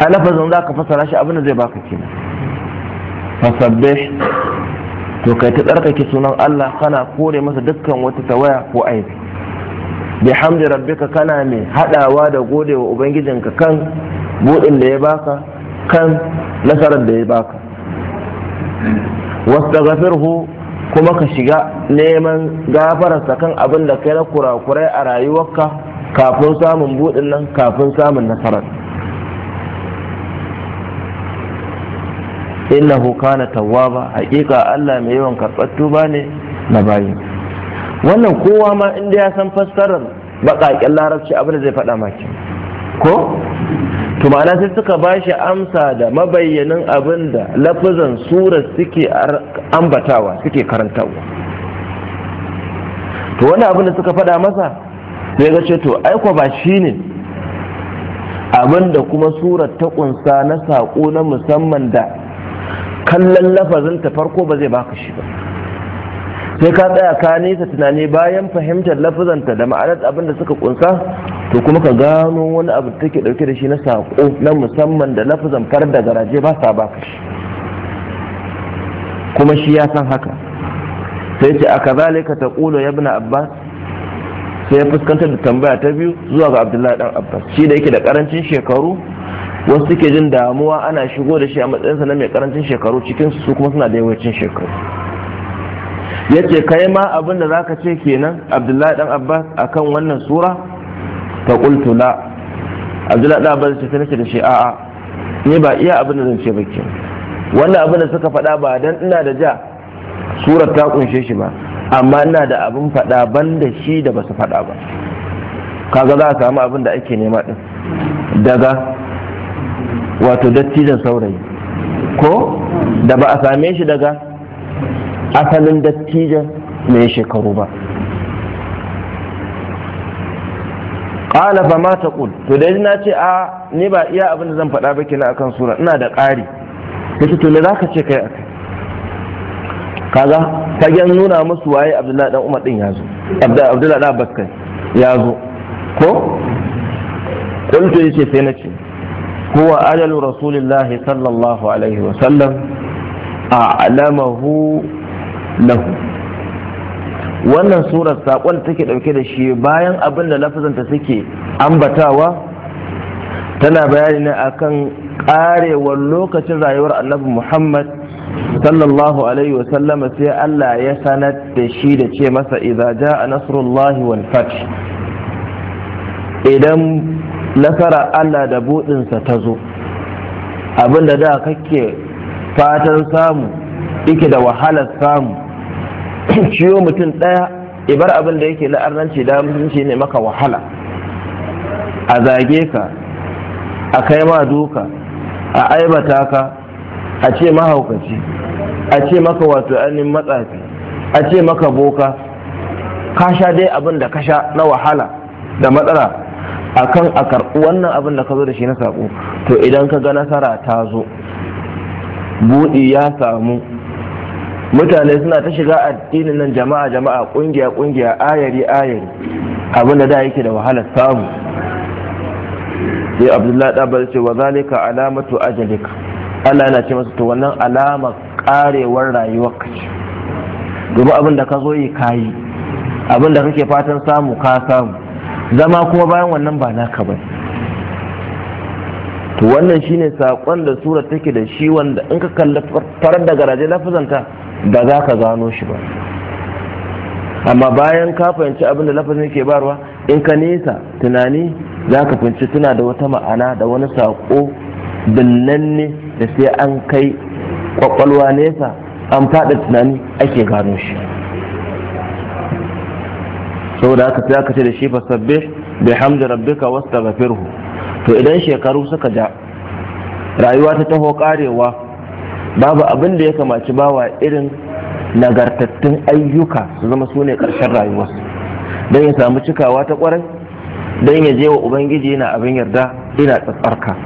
a lafazin za ka fasara shi abin da zai baka kenan fasabbih to kai ta tsarkake sunan Allah kana kore masa dukkan wata tawaya ko aibi bi hamdi rabbika kana mai hadawa da gode wa ubangijinka kan budin da ya baka kan nasarar da ya baka wastaghfirhu kuma ka shiga neman gafararsa kan abin da kai na kurakurai a rayuwarka kafin samun budin nan kafin samun nasarar innahu kana tawwaba haƙiƙa Allah mai yawan karɓar tuba ne na bayi wannan kowa ma inda ya san fassarar baƙaƙen larabci abin da zai faɗa maki ko to ma'ana sai suka ba shi amsa da mabayyanin abinda da lafazan surar suke ambatawa suke karantawa to wani abin da suka faɗa masa sai ga ce to aiko ba shi ne abin da kuma surar ta kunsa na saƙo na musamman da kallon lafazin ta farko ba zai baka shi ba sai ka tsaya ka nesa tunani bayan fahimtar ta da ma'anar abin da suka kunsa to kuma ka gano wani abu da take dauke da shi na sako na musamman da lafazan far da garaje ba sa baka shi kuma shi ya san haka sai ce aka zalika ta ya bina abbas sai ya fuskantar da tambaya ta biyu zuwa ga abdullahi dan abbas shi da yake da karancin shekaru wasu suke jin damuwa ana shigo da shi a matsayinsa na mai karancin shekaru cikin su kuma suna da yawancin shekaru ya ce kai ma abin da zaka ce kenan abdullahi dan abbas akan wannan sura ta kultula abdullahi dan abbas ce nake da shi a'a ni ba iya abin da zan ce ba kenan wannan abin da suka faɗa ba dan ina da ja surar ta kunshe shi ba amma ina da abin faɗa ban da shi da basu faɗa ba kaga za a samu abin da ake nema din daga wato dattijan saurayi ko da ba a same shi daga asalin dattijan mai shekaru ba ƙala fa mata ƙul to da na ce a ni ba iya abin da zan faɗa ba kenan akan sura ina da ƙari ta to me za ka ce kai a kai kaga fagen nuna musu waye abdullahi dan umar din ya abdullahi dan abbas kai ya zo ko kultu yace sai na ce huwa ajalu rasulillahi sallallahu alaihi wasallam a alamahu lahu wannan surar saƙon take ɗauke da shi bayan abin da lafazanta suke ambatawa tana bayani ne akan ƙarewar lokacin rayuwar annabi muhammad sallallahu alaihi wasallama sai allah ya sanar da shi da ce masa idza ja'a nasrullahi wal fath idan nasara Allah da buɗinsa ta zo abinda da kake fatan samu yake da wahalar samu ciwo mutum ɗaya ibar abin da yake la'arnanci da mutunci ne maka wahala a zage ka a kai ma duka a aibata ka a ce mahaukaci a ce maka wato ainihin matsafi a ce maka boka ka sha dai abin da ka sha na wahala da matsala akan a karɓi wannan abin da ka zo da shi na saƙo to idan ka ga nasara ta zo buɗi ya samu mutane suna ta shiga addinin nan jama'a jama'a ƙungiya ƙungiya ayari ayari abin da da yake da wahalar samu sai abdullahi ɗabar ce wa zalika alamatu ajalika allah yana ce masa to wannan alamar karewar rayuwar ka ce domin abin da ka zo yi kayi abin da kake fatan samu ka samu zama kuma bayan wannan ba naka ba to wannan shine sakon da sura take da shi wanda in ka kalli farar da garaje lafazanta ba za ka gano shi ba amma bayan ka fahimci abin da lafazin ke barwa in ka nesa tunani za ka fahimci tuna da wata ma'ana da wani saƙo binnanne da sai an kai kwakwalwa nesa an faɗa tunani ake gano shi saboda haka sai aka ce da shi fa bi hamdi rabbika wastaghfirhu to idan shekaru suka ja rayuwa ta taho karewa babu abin da ya kamaci bawa irin nagartattun ayyuka su zama su ne karshen rayuwa don ya samu cikawa ta ƙwarai don ya je wa ubangiji yana abin yarda ina tsatsarka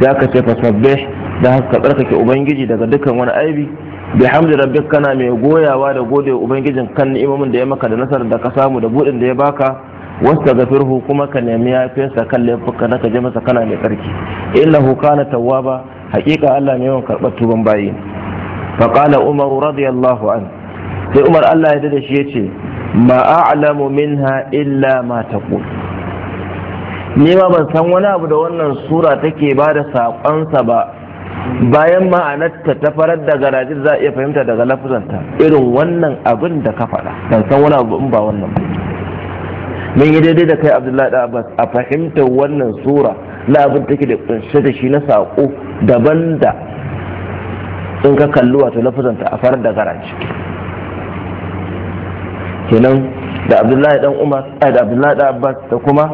ya ka ce sabbi da haka tsarkake ubangiji daga dukkan wani aibi Bi hamdi rabbik kana mai goyawa da gode ubangijin kan ni'imomin da ya maka da nasarar da ka samu da budin da ya baka wasta gafirhu kuma ka nemi yafiyarsa kan laifuka na ka je masa kana mai tsarki innahu kana tawwaba Hakika Allah ne yawan karɓar tuban bayi fa qala umar radiyallahu an sai umar Allah ya da shi yace ma a'lamu minha illa ma taqul ni ma ban san wani abu da wannan sura take ba da sa ba bayan ma'anarta ta farar da garaji za a iya fahimta daga lafuzanta irin wannan abin da ka faɗa ban san wani abu in ba wannan ba mun yi daidai da kai abdullahi da abbas a fahimtar wannan sura na abin take da kunshe da shi na saƙo daban da in ka kalli wato lafuzanta a farar da garaji kenan da abdullahi dan umar da abdullahi da abbas da kuma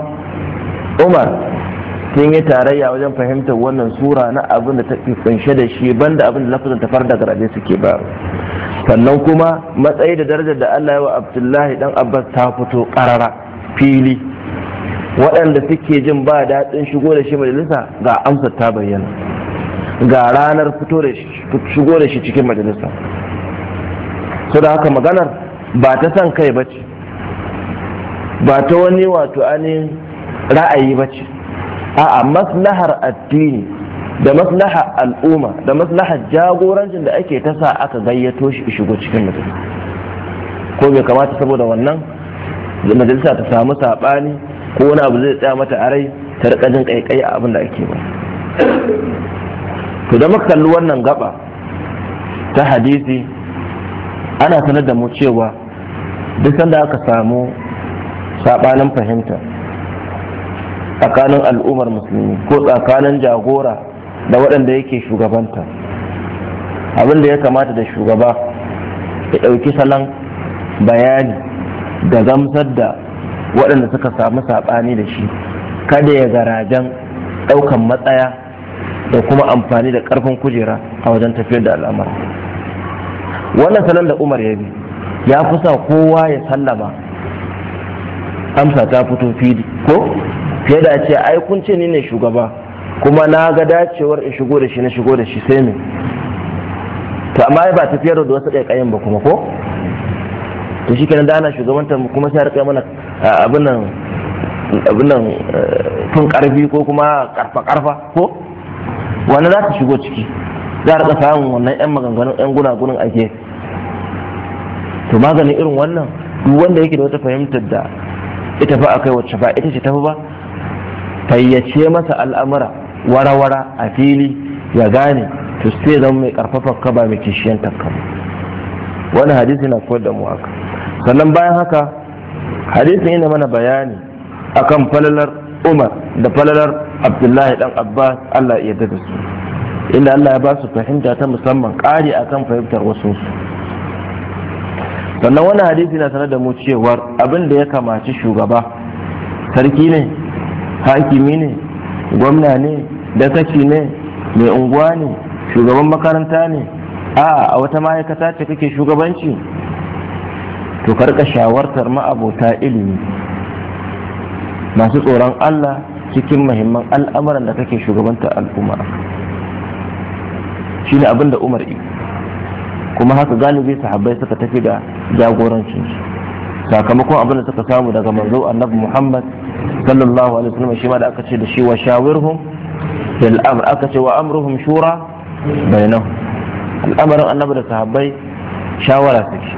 umar sun yi tarayya wajen fahimtar wannan sura na abin da ta kunshe da shi banda abin da lafazin tafar da garaje suke ba sannan kuma matsayi da darajar da Allah ya wa Abdullahi dan Abbas ta fito karara fili waɗanda suke jin ba daɗin shigo da shi majalisa ga amsa ta bayyana ga ranar fito da shigo da shi cikin majalisa su da haka maganar ba ta san kai ba ce ba ta wani wato ainihin ra'ayi ba ce a'a maslahar addini da maslaha al'umma da maslahar jagorancin da ake ta sa aka gayyato shi shigo cikin mutum ko bai kamata saboda wannan majalisa ta samu saɓani ko wani abu zai tsaya mata a rai ta rika jin kaikai a abin da ake ba to da muka kalli wannan gaba ta hadisi ana sanar da mu cewa duk sanda aka samu saɓanin fahimta tsakanin al'ummar musulmi ko tsakanin jagora da waɗanda yake shugabanta abin da ya kamata da shugaba ya ɗauki salon bayani da zamsar da waɗanda suka samu saɓani da shi kada ya garajen ɗaukan matsaya da kuma amfani da ƙarfin kujera a wajen tafiyar da al'amar wannan salon da umar ya bi ya fi sa kowa ya sallama amsa ta fito fili ko fiye da ce ai kun ce ni ne shugaba kuma na ga dacewar in shigo da shi na shigo da shi sai me to amma ba tafiyar da wasu ƙaiƙayin ba kuma ko to shi kenan da ana shugabantar kuma sai rika mana abin nan abin nan tun eh, karfi ko kuma karfa karfa ko wani za ta shigo ciki za a rika samun wannan yan maganganun yan gunagunin a to maganin irin wannan duk wanda yake da wata fahimtar da ita fa akai wacce ba ita ce tafi ba fayyace masa al'amura wara-wara a fili ya gane to sai zan mai karfafa ka ba mai kishiyan takka wani hadisi na koyar da mu haka sannan bayan haka hadisin yana mana bayani akan falalar umar da falalar abdullahi dan abbas allah ya da su inda allah ya ba su fahimta ta musamman ƙari akan fahimtar wasu sannan wani hadisi na sanar da mu cewar abin da ya kamaci shugaba sarki ne hakimi ne gwamna ne dakaci ne mai unguwa ne shugaban makaranta ne a a wata ma'aikata ce kake shugabanci to karka shawartar ma'abota ilimi masu tsoron allah cikin mahimman al'amuran da kake shugabanta al'umma shi ne abin da umar yi kuma haka galibi sahabbai suka tafi da jagorancin sakamakon abin da suka samu daga manzo annabi muhammad sallallahu alaihi wasallam shi ma da aka ce da shi wa shawirhum bil amr aka ce wa amruhum shura bainahum al'amarin annabi da sahabbai shawara suke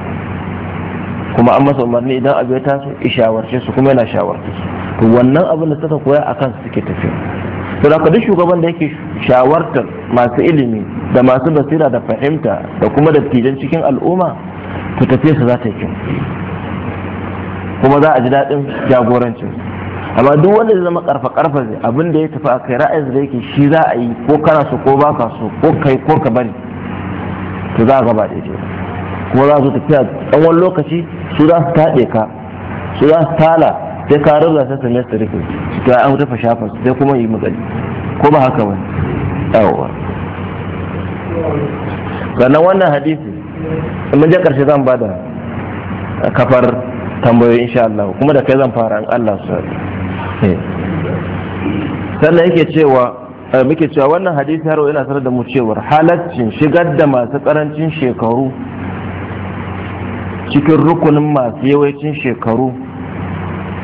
kuma an masa umarni idan abu ya taso i shawarce su kuma yana shawarce su to wannan abin da suka koya a kansu suke tafiya to da duk shugaban da yake shawartar masu ilimi da masu basira da fahimta da kuma da cikin al'umma to tafiya su za ta yi kyau kuma za a ji daɗin jagorancin amma duk wanda zai zama karfa karfa abin da ya tafi a kai ra'ayin da yake shi za a yi ko kana so ko baka so ko kai ko ka bari to za a gaba daidai kuma za su tafiya tsawon lokaci su za su taɗe ka su za su tala sai ka rarra ta nesta su su ta an rufe shafin sai kuma yi magani ko ba haka ba yawwa sannan wannan hadisi mun je karshe zan bada kafar tambayoyi insha Allah kuma da kai zan fara an Allah su sannan yake cewa eh, muke cewa wannan hadisi haro yana sanar da mu cewar halaccin shigar da masu karancin shekaru cikin rukunin masu yawancin shekaru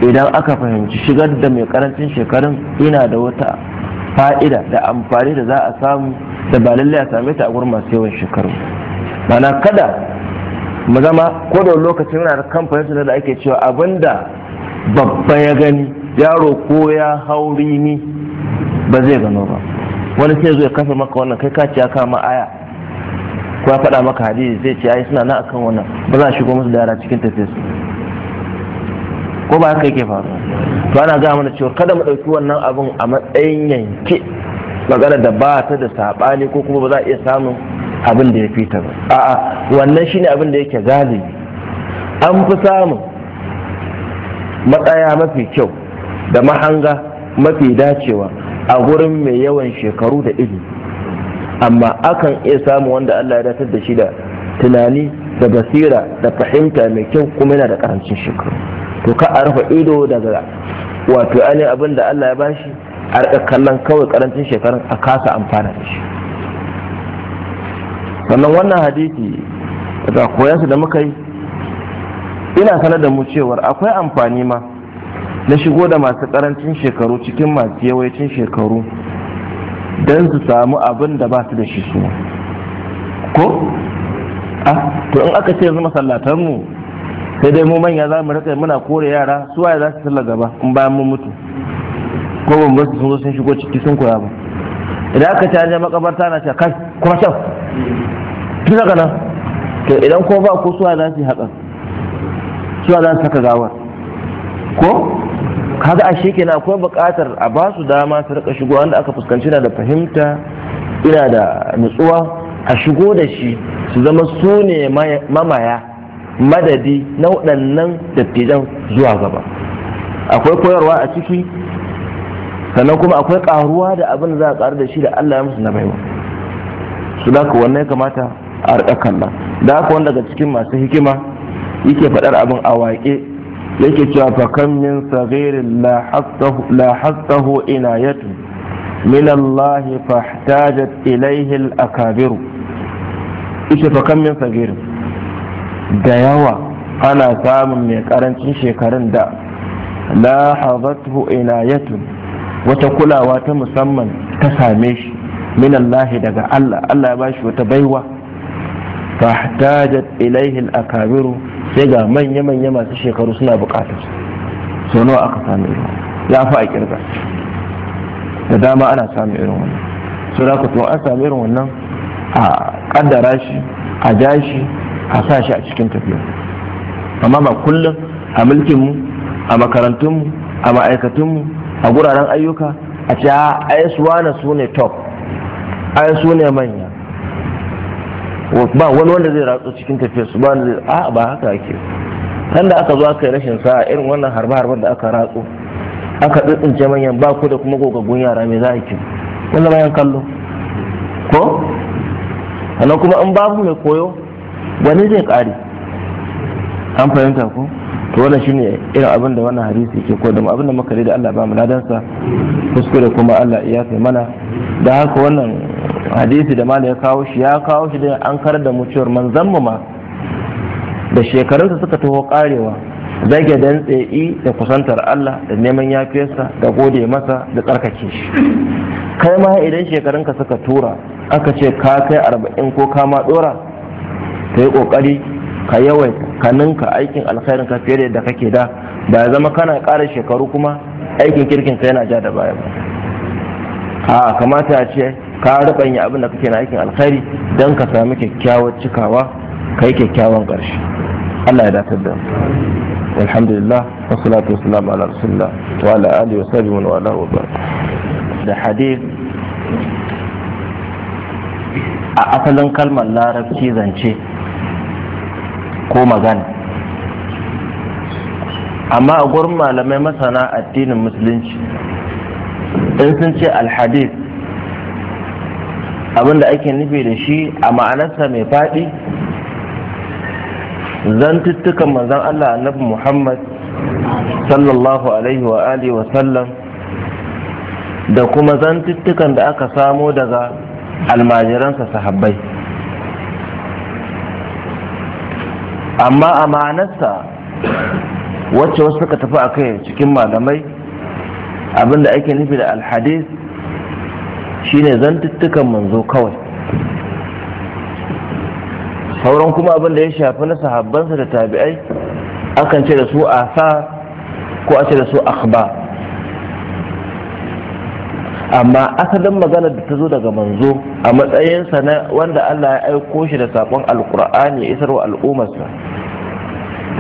idan aka fahimci shigar da mai karancin shekarun ina da wata fa'ida da amfani da za a samu da ba lallai a same ta a gurin masu yawan shekaru mana kada mu zama ko da lokacin yana da kamfanin da ake cewa abinda babba ya gani yaro ko ya hauri ni ba zai gano ba wani sai zo ya kafa maka wannan kai ka ya kama aya ko ya faɗa maka hadisi zai ce ai suna na akan wannan ba za a shigo musu da yara cikin tafiyar ko ba haka yake faru to ana ga mana cewa kada mu ɗauki wannan abun a matsayin yanke magana da ba ta da saɓani ko kuma ba za a iya samun abin da ya fita ba a'a wannan shine abin da yake galibi an fi samun matsaya mafi kyau da mahanga mafi dacewa a gurin mai yawan shekaru da ilimi amma akan iya samu wanda Allah ya datar da shi da tunani da basira da fahimta mai kyau kuma yana da karancin shekaru to ka a rufe ido daga wato ainihin abin da Allah ya bashi a rika kallon kawai karancin shekarun a kasa amfana da shi sannan wannan hadisi da koyansu da muka yi ina sanar da mu cewar akwai amfani ma na shigo da masu karancin shekaru cikin masu yawancin shekaru don su samu abin da ba su da shi su ko ah to in aka ce yanzu masallatanmu sai dai mu manya za mu rika muna kore yara su waye za su sallah gaba in bayan mun mutu ko ban basu sun zo sun shigo ciki sun koya ba idan aka ce an je makabarta na ce kai kuma kyau, tun daga nan to idan ko ba ko waye za su yi hakan suwa za su saka gawar ko kaga ashe na akwai buƙatar a ba su dama su rika shigo wanda aka fuskanci na da fahimta ina da nutsuwa a shigo da shi su zama su ne mamaya madadi na waɗannan dattijan zuwa gaba akwai koyarwa a ciki sannan kuma akwai ƙaruwa da abin za a ƙaru da shi da Allah ya musu na baiwa su da ka wannan ya kamata a rika kalla da haka wanda daga cikin masu hikima yake faɗar abin a waƙe yake cewa fa kam min sagirin la hasahu inayatu min Allah fahtajat ilaihi al-akabiru ita fa kam min sagirin da yawa ana samun mai karancin shekarun da la hazathu inayatu wata kulawa ta musamman ta same shi min Allah daga Allah Allah ya bashi wata baiwa fahtajat ilaihi al-akabiru sai ga manya-manya masu shekaru suna bukatar su nawa aka samu irin ya fi a kirga da dama ana samu irin wannan su da kuma an samu irin wannan a kaddara shi a ja shi a sa shi a cikin tafiya amma ba kullum a mulkinmu a makarantunmu a ma'aikatunmu a guraren ayyuka a ce a su wane su ne top ai ne manya ba wani wanda zai ratsu cikin tafiyar su ba zai a ba haka ake kan aka zo aka yi rashin sa'a irin wannan harba harbar da aka ratsu aka tsintsince manyan ba ku da kuma gogaggun yara mai za a ki wanda bayan kallo ko sannan kuma an babu mai koyo wani zai kare an fahimta ko to wannan shine irin abin da wannan hadisi ke Ko mu abin da muka da Allah ba mu ladansa kuskure kuma Allah ya kai mana da haka wannan hadisi da malam ya kawo shi ya kawo shi da an kar da mutuwar cewar mu ma da shekarunsa suka taho karewa zage dan tsayi da kusantar Allah da neman yafiyarsa da gode masa da tsarkake shi kai ma idan shekarunka suka tura aka ce ka kai arba'in ko ka ma dora ka yi kokari ka yawaita ka ninka aikin alkhairin ka fiye da yadda kake da ba zama kana ƙara shekaru kuma aikin kirkin ka yana ja da baya ba a kamata a ce ka rubanya abin da kake na aikin alkhairi don ka sami kyakkyawar cikawa kai kyakkyawan ƙarshe Allah ya datar da mu alhamdulillah wa salam ala rasulullah wa ala alihi wa sahbihi wa ala wa da hadith a asalin kalmar larabci zance ko magana amma a gurin malamai masana addinin musulunci in sun ce alhadith abin da ake nufi da shi a ma'anarsa mai faɗi zantuttukan manzan Allah annabi Muhammad sallallahu alaihi wa alihi wa sallam da kuma zantuttukan da aka samo daga almajiransa sahabbai amma a ma'anarsa wacce wasu suka tafi a kai cikin malamai abin da ake nufi da alhadis shine zantuttukan manzo kawai sauran kuma abin da ya shafi na sahabbansa da tabi'ai akan ce da su asa ko a ce da su akhba amma asalin magana da ta zo daga manzo a matsayinsa na wanda Allah ya aiko shi da saƙon alƙur'ani ya isarwa al'ummarsa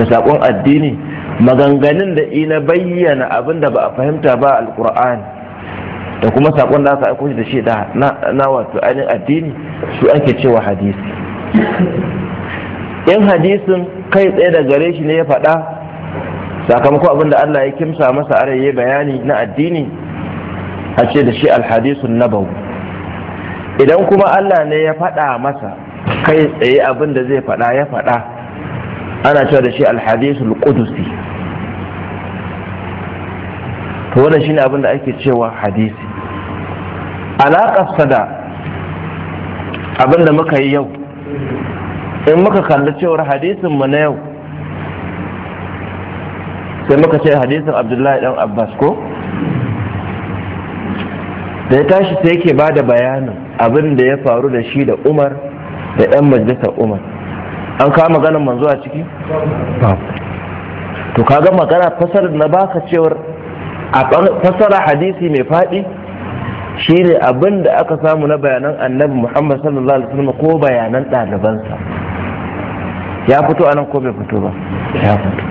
da saƙon addini maganganun da ina bayyana abin da ba a fahimta ba alkur'ani da kuma saƙon da aka aiko shi da na wato ainihin addini su ake cewa hadisi in hadisin kai tsaye da gare shi ne ya faɗa sakamakon abin da Allah ya kimsa masa arai ya bayani na addini a ce da shi alhadisun nabau idan kuma Allah ne ya faɗa masa kai tsaye abin da zai faɗa ya faɗa ana cewa da shi alhadisul qudusi to wannan shine abin da ake cewa hadisi alaƙarsa da abin da muka yi yau in muka kalli cewar hadisin mu na yau sai muka ce hadisin abdullahi dan abbas ko da ya tashi sai yake ba da bayanin abin da ya faru da shi da umar da 'yan majalisar umar an kawo ganin manzo a ciki? to kaga magana fasar na baka cewar a fasara hadisi mai faɗi ne abin da aka samu na bayanan annabi muhammad sallallahu alaihi wasallam ko bayanan ɗalibansa ya fito anan ko bai fito ba ya fito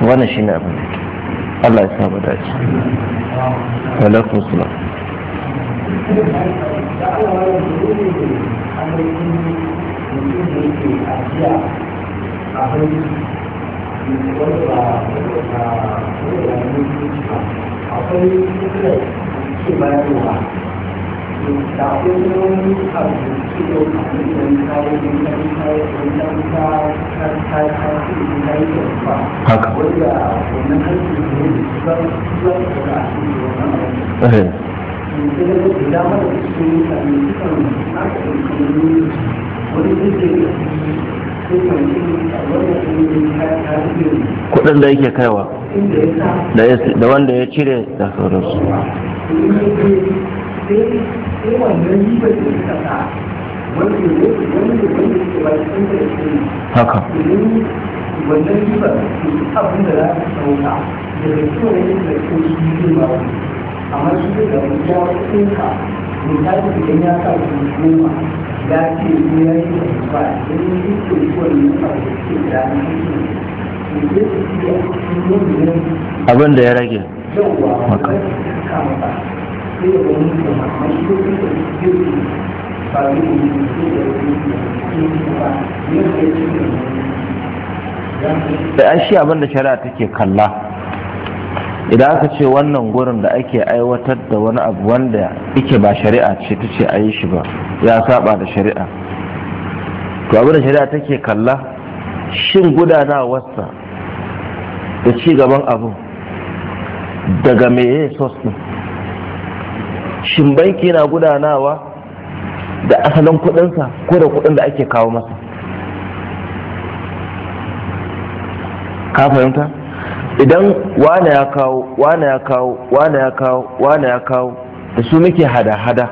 to wannan shi ne abin da ke Allah ya saba da shi alaikum salam Thank you. 飞一个七八路吧，然后从他们汽车厂那边开，开开开开开开开开开开开开开。啊！对呀，我们开去啊我们专门是专专专门是专门是专门是专门是专门是专门是专门是专门是专门是 kudin da yake kaiwa da wanda ya cire da sauransu haka amma shi da misali idan ya sa su goma ya ce ya yi ba yi ko ko ba ce da abin da ya rage maka da shi abin da shari'a take kalla idan aka ce wannan gurin da ake aiwatar da wani abu wanda yake ba shari'a ce ta ce a yi shi ba ya saba da shari'a to abu da shari'a take kalla shin gudanawarsa da ci gaban abu daga meye ya din shin banki na gudanawa da asalin kudinsa ko da kudin da ake kawo masa ka fahimta idan wane ya kawo wane ya kawo wane ya kawo wane ya kawo da su muke hada-hada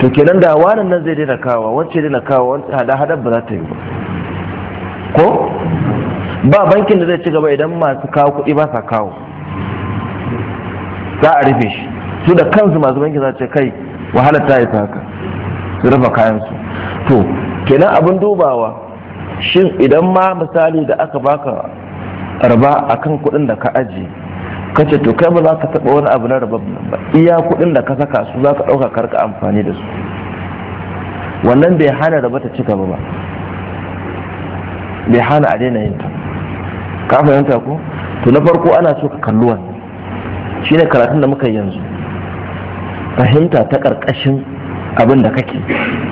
to kenan da wanan nan zai daina kawo wacce daina kawo hada-hada ba za ta yi ba ko ba bankin da zai ci gaba idan masu kawo kuɗi ba sa kawo za a rufe shi su da kansu masu bankin za ce kai wahala ta yi haka su rufe kayansu to kenan abin dubawa shin idan ma misali da aka baka Raba a kan kuɗin da ka aji ka ce to kai ba za ka taɓa wani abu na raba ba iya kuɗin da ka saka su za ka ɗauka karka amfani da su wannan bai hana raba ta ci ba bai hana a daina yin ta ka fahimta ko to na farko ana so ka kalli wannan shine karatun da muka yi yanzu fahimta ta karkashin abin da kake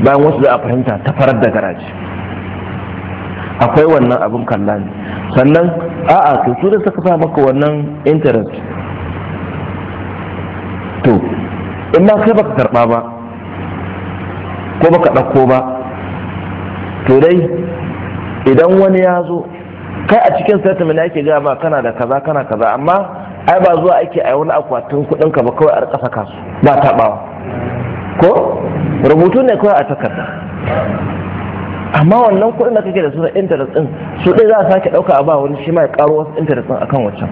bayan wasu za a fahimta ta farar da garaji akwai wannan abin kalla ne sannan a'a to su da suka sa maka wannan interest to in ma kai baka karba ba ko baka ɗauko ba to dai idan wani ya zo kai a cikin settlement yake gaya ma kana da kaza kana kaza amma ai ba zuwa ake a wani akwatin kuɗin ka ba kawai a saka kasu ba taɓawa ko rubutu ne kawai a takarda amma wannan kuɗin da kake da su na interest din su dai za a sake ɗauka a ba wani shi ma ya ƙaro wasu interest din akan wancan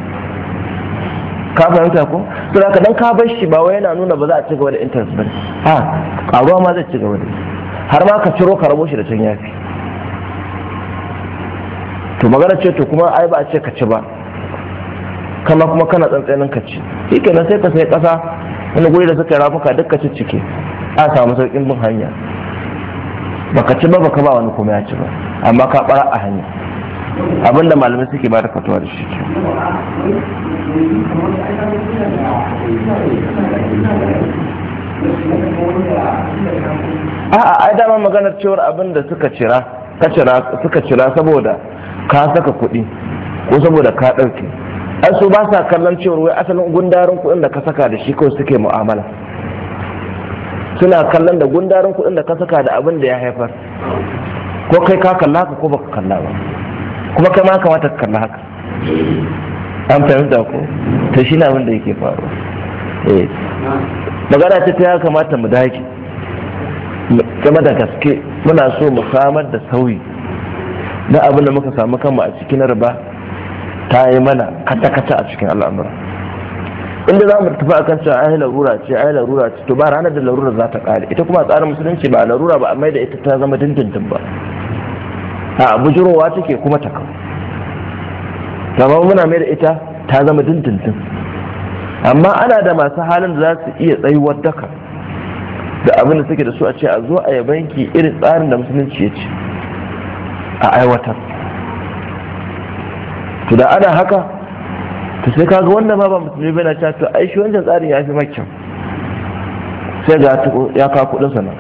ka fahimta ko to ka dan ka bar shi ba wai yana nuna ba za a ci gaba da interest ba ha ƙaruwa ma zai ci gaba da har ma ka ciro ka rabo shi da can yafi to magana ce to kuma ai ba a ce ka ci ba kama kuma kana tsantsanin ka ci shi kenan sai ka sai kasa wani guri da suka rafuka duk ka ciccike a samu saukin bin hanya baka ci ba baka ba wani kuma ya ci ba amma ka bara a hanya abinda malamai suke ba da fatuwa da shi a'a ai dama maganar cewar abin da suka cira suka cira saboda ka saka kuɗi ko saboda ka ɗauke ai su ba sa kallon cewar wai asalin gundarin kuɗin da ka saka da shi kawai suke mu'amala suna kallon da gundarin kuɗin da ka saka da abin da ya haifar ko kai ka kalla ka ko baka kalla ba kuma kai ma kamata ka kalla haka an fahimta ko ta shi abin da yake faru eh. magana ce ta ya kamata mu dage game da gaske muna so mu samar da sauyi na abin da muka samu kanmu a cikin riba ta yi mana kata-kata a cikin al'amuran inda za mu tafi akan cewa ai larura ce ai larura ce to ba ranar da larura za ta kare ita kuma tsarin musulunci ba larura ba amma da ita ta zama dindindin ba a bujurowa take kuma ta kawo amma muna mai da ita ta zama dindindin amma ana da masu halin da za su iya tsayuwar daka da abin da suke da su a ce a zo a yabanki irin tsarin da musulunci ya ce a aiwatar to da ana haka Ta sai kaga wannan ma ba musulmi bane ta to ai shi wancan tsarin ya fi makkin sai ga ya kawo kudin sana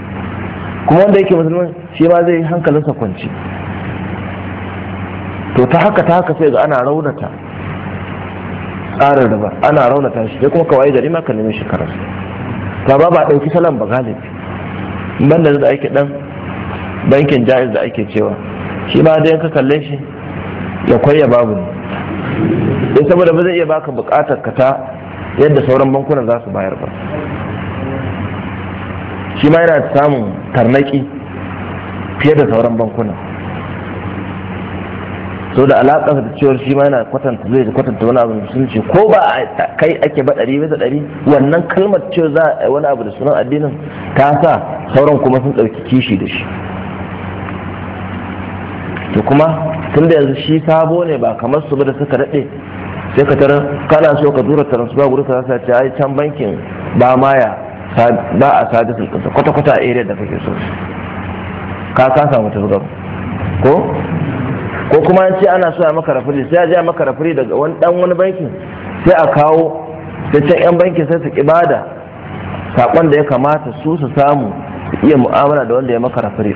kuma wanda yake musulmi shi ma zai sa kwanci to ta haka ta haka sai ga ana raunata tsarin riba ana raunata shi sai kuma kawai gari ma ka nemi shekarar ta ba ba ɗauki salon ba galibi ban da ake dan bankin jaiz da ake cewa shi ma dai ka kalle shi ya kwaya babu ne don saboda ba zai iya baka bukatar ka ta yadda sauran bankuna za su bayar ba shi ma yana samun tarnaki fiye da sauran bankuna so da alaƙa da cewar shi ma yana kwatanta zai kwatanta wani abu da sun ce ko ba a kai ake ba ɗari bisa ɗari wannan kalmar cewa za a wani abu da sunan addinin ta sa sauran kuma sun ɗauki kishi da shi to kuma tun da yanzu shi sabo ne ba kamar su ba da suka daɗe sai ka tara kana so ka zura transfer gurin ka sa ce ai can bankin ba maya ba a sadisul kasa kwata kwata a area da kake so ka ka samu tasgaro ko ko kuma an ce ana so a maka rafiri sai a je a maka rafiri daga wani dan wani bankin sai a kawo sai can yan bankin sai su ibada sakon da ya kamata su su samu su iya mu'amala da wanda ya maka rafiri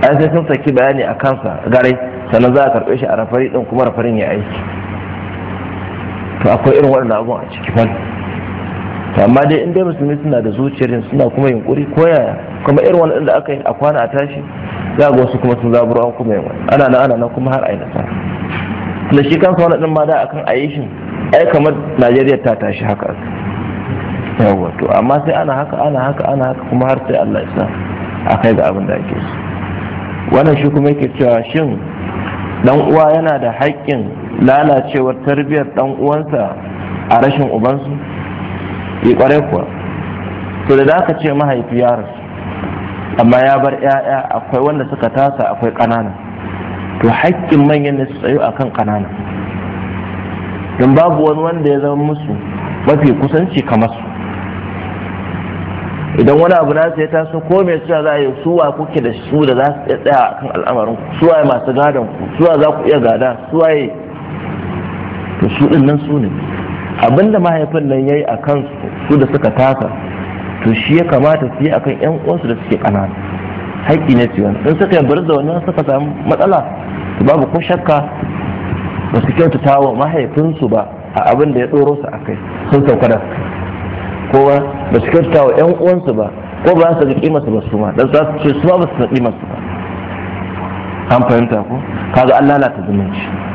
ai sai sun saki bayani a kansa garai sannan za a karbe shi a rafari din kuma rafarin ya aiki to akwai irin waɗannan abubuwan a ciki wani to amma dai inda musulmi suna da zuciyar yin suna kuma yunkuri ko yaya kuma irin wani da aka yi a kwana a tashi za ga wasu kuma sun zaburo an kuma yin wani ana nan ana nan kuma har a yi nasara da shi kansa wani ɗin ma da akan a yi shi ai kamar najeriya ta tashi haka yawwa to amma sai ana haka ana haka ana haka kuma har sai allah ya sa a kai ga abin da ake so wannan shi kuma yake cewa shin dan uwa yana da haƙƙin lalacewar tarbiyyar dan uwansa a rashin ubansu yi eh, kwarai kuwa to da za ka ce mahaifi ya rasu amma ya bar 'ya'ya akwai wanda suka tasa akwai ƙanana to haƙƙin manyan da su tsayo akan kanana don babu wani wanda ya zama musu mafi kusanci kamar su idan wani abu nasu ya taso ko mai suwa za a yi suwa kuke da su da za su tsaya akan al'amarin ku masu gadon ku suwa za ku iya gada to su din nan su ne abinda mahaifin nan yayi a kansu su da suka taka to shi ya kamata su yi akan yan uwansu da suke ƙanana haƙƙi ne su wani in suka yabar da wannan suka samu matsala to babu ko shakka ba su kyautata wa mahaifinsu ba a abin da ya ɗoro su a kai sun sauka da kowa ba su kyautata wa yan uwansu ba ko ba su ga su ba su ma dan su ce su ba su ga su ba an fahimta ko kaga Allah la ta zumunci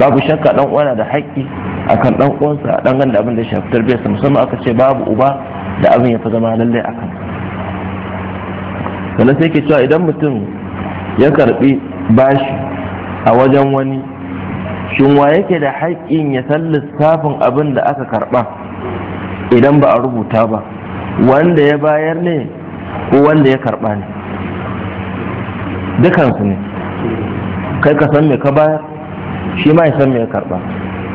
babu shakka dan na da haƙƙi akan dan uwansa dan da abin da shafi tarbiyarsa musamman aka ce babu uba da abin ya fi zama lalle akan sannan sai ke cewa idan mutum ya karbi bashi a wajen wani shin wa yake da haƙƙin ya san lissafin abin da aka karba idan ba a rubuta ba wanda ya bayar ne ko wanda ya karba ne dukansu ne kai ka san me ka bayar shi ma ya san me ya karba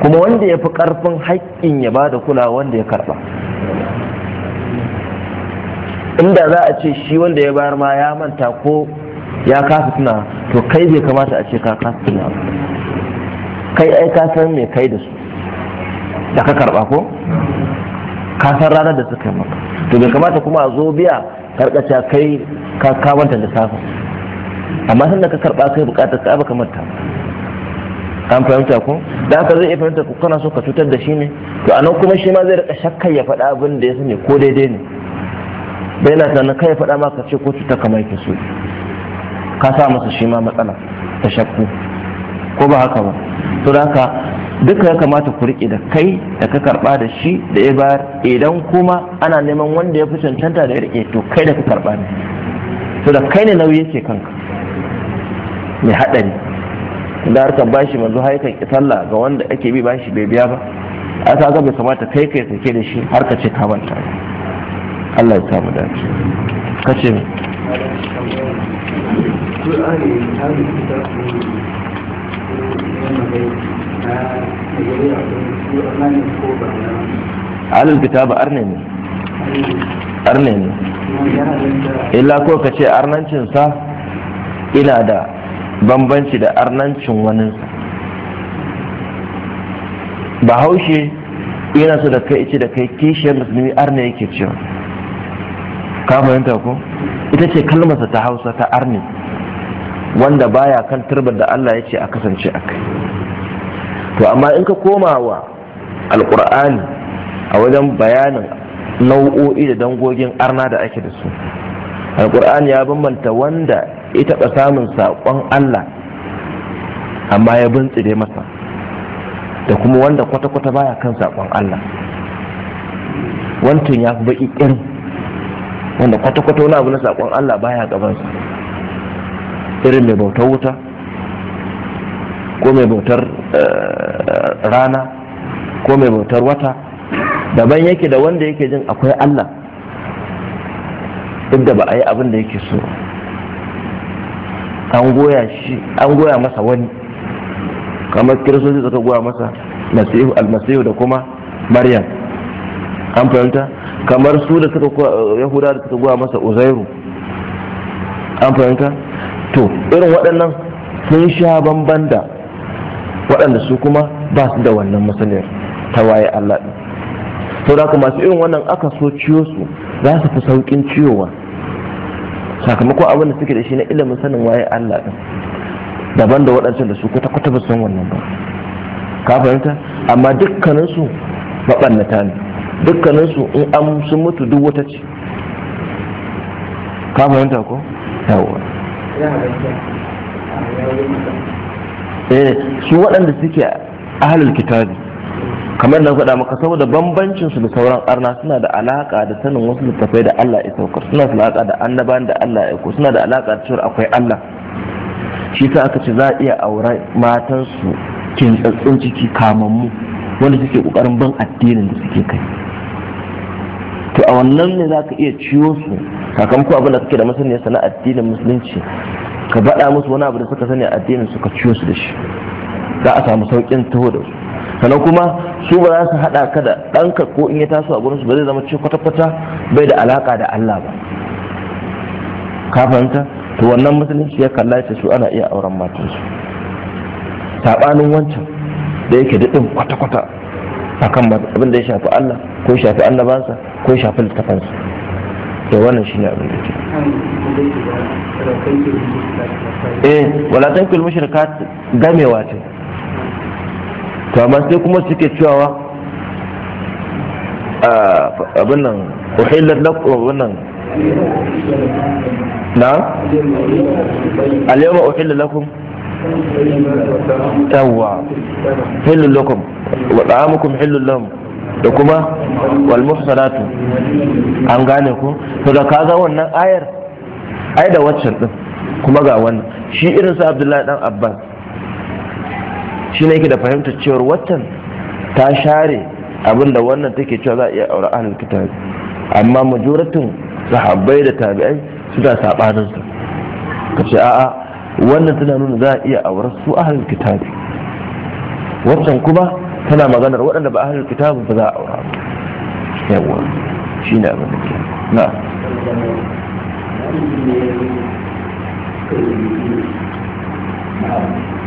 kuma wanda ya fi karfin haƙƙin ya ba da kula wanda ya karba inda za a ce shi wanda ya bayar ma ya manta ko ya kasa tuna to kai bai kamata a ce ka kasa tuna kai ai ka san me kai da su da ka karba ko ka san ranar da suka maka to bai kamata kuma a zo biya karkaca kai ka kawanta safa amma sanda ka karba kai bukatar ka baka manta an fahimta ku da haka zai iya fahimta ku kana so ka cutar da shi ne to anan kuma shi ma zai rika shakkar ya faɗa abin da ya sani ko daidai ne bai na tunanin kai ya faɗa ma ka ce ko cutar kamar ke so ka sa masa shi ma matsala ta shakku ko ba haka ba to da haka duka ya kamata ku riƙe da kai da ka karɓa da shi da ya bayar idan kuma ana neman wanda ya fi cancanta da ya riƙe to kai da ka karɓa ne to da kai ne nauyi yake kanka mai haɗari da harkar bashi manzo haikan sallah ga wanda ake bi bashi bai biya ba a ta ga bai kamata kai kai sake da shi har ka ce ka manta Allah ya samu dace ka ce mi alal kitaba arne ne arne ne illa ko ka ce arnancin sa ina da bambanci da arnancin waninsa bahaushe yana so da kai ce da kai kishiyar musulmi arna yake cewa ka fahimta ko ita ce kalmarsa ta hausa ta arne wanda baya kan turbar da allah ya ce a kasance a kai to amma in ka koma wa alkur'ani a wajen bayanin nau'o'i da dangogin arna da ake da su alkur'ani ya bambanta wanda ya taɓa samun saƙon Allah amma ya bintsire masa da kuma wanda kwata-kwata baya kan saƙon Allah wancan ya fi baƙi irin wanda kwata-kwata wani abu na saƙon Allah baya gabansa irin mai bautar wuta ko mai bautar eh, rana ko mai bautar wata daban yake da wanda yake jin akwai Allah duk da ba a yi abin da yake so an goya shi an goya masa wani kamar kiristoci suka goya masa masihu almasihu da kuma maryam an fahimta kamar su da suka yahuda da suka goya masa uzairu an fahimta to irin waɗannan sun sha bamban da waɗanda su kuma ba su da wannan masaniyar ta waye allah ɗin saboda masu irin wannan aka so ciyo su za su fi sauƙin ciyowa sakamakon abin da suke da shi na ilimin sanin waye Allah din daban da waɗancan da su kwata kwata ba san wannan ba ka fahimta amma dukkaninsu maɓannata ne dukkaninsu in an sun mutu duk wata ce ka fahimta ko yawa eh su waɗanda suke ahlul kitabi kamar na faɗa maka saboda bambancin su da sauran arna suna da alaka da sanin wasu littafai da Allah ya saukar suna da alaka da annaban da Allah ya aiko suna da alaka da cewa akwai Allah shi sa aka ce za a iya aure matan su kintsatsun ciki kamammu wanda suke kokarin ban addinin da suke kai to a wannan ne za ka iya ciwo su sakamakon abin da suke da masaniya sana addinin musulunci ka baɗa musu wani abu da suka sani addinin su ka ciwo su da shi za a samu sauƙin taho da su sannan kuma su ba za su haɗa ka da ɗanka ko in ya taso a gurinsu ba zai zama ce kwata-kwata bai da alaƙa da Allah ba ka fahimta to wannan musulunci ya kalla ce su ana iya auren matansu saɓanin wancan da yake daɗin kwata-kwata kan abin da ya shafi Allah ko ya shafi annabansa ko ya shafi littafansa to wannan shine abin da ke eh wala tankul mushrikat gamewa ce to amma sai kuma suke cewa ah, abin nan uhillat lakum abin nan na al-yawma uhilla lakum tawwa hillu lakum wa ta'amukum hillu lakum da kuma wal muhsanatu an gane ku to da kaga wannan ayar ai da waccan din kuma ga wannan shi irin sa Abdullahi dan Abbas shi ne yake da fahimtar cewar watan ta share abinda wannan take cewa za a iya aure ahlul kitabi amma majoratun sahabbai da tabi'ai suna sabanin su kace a'a wannan tana nuna za a iya aure su ahlul kitabi watan kuma tana maganar waɗanda ba ahlul kitabi ba za a aure ba yawa shine abin da ke na Thank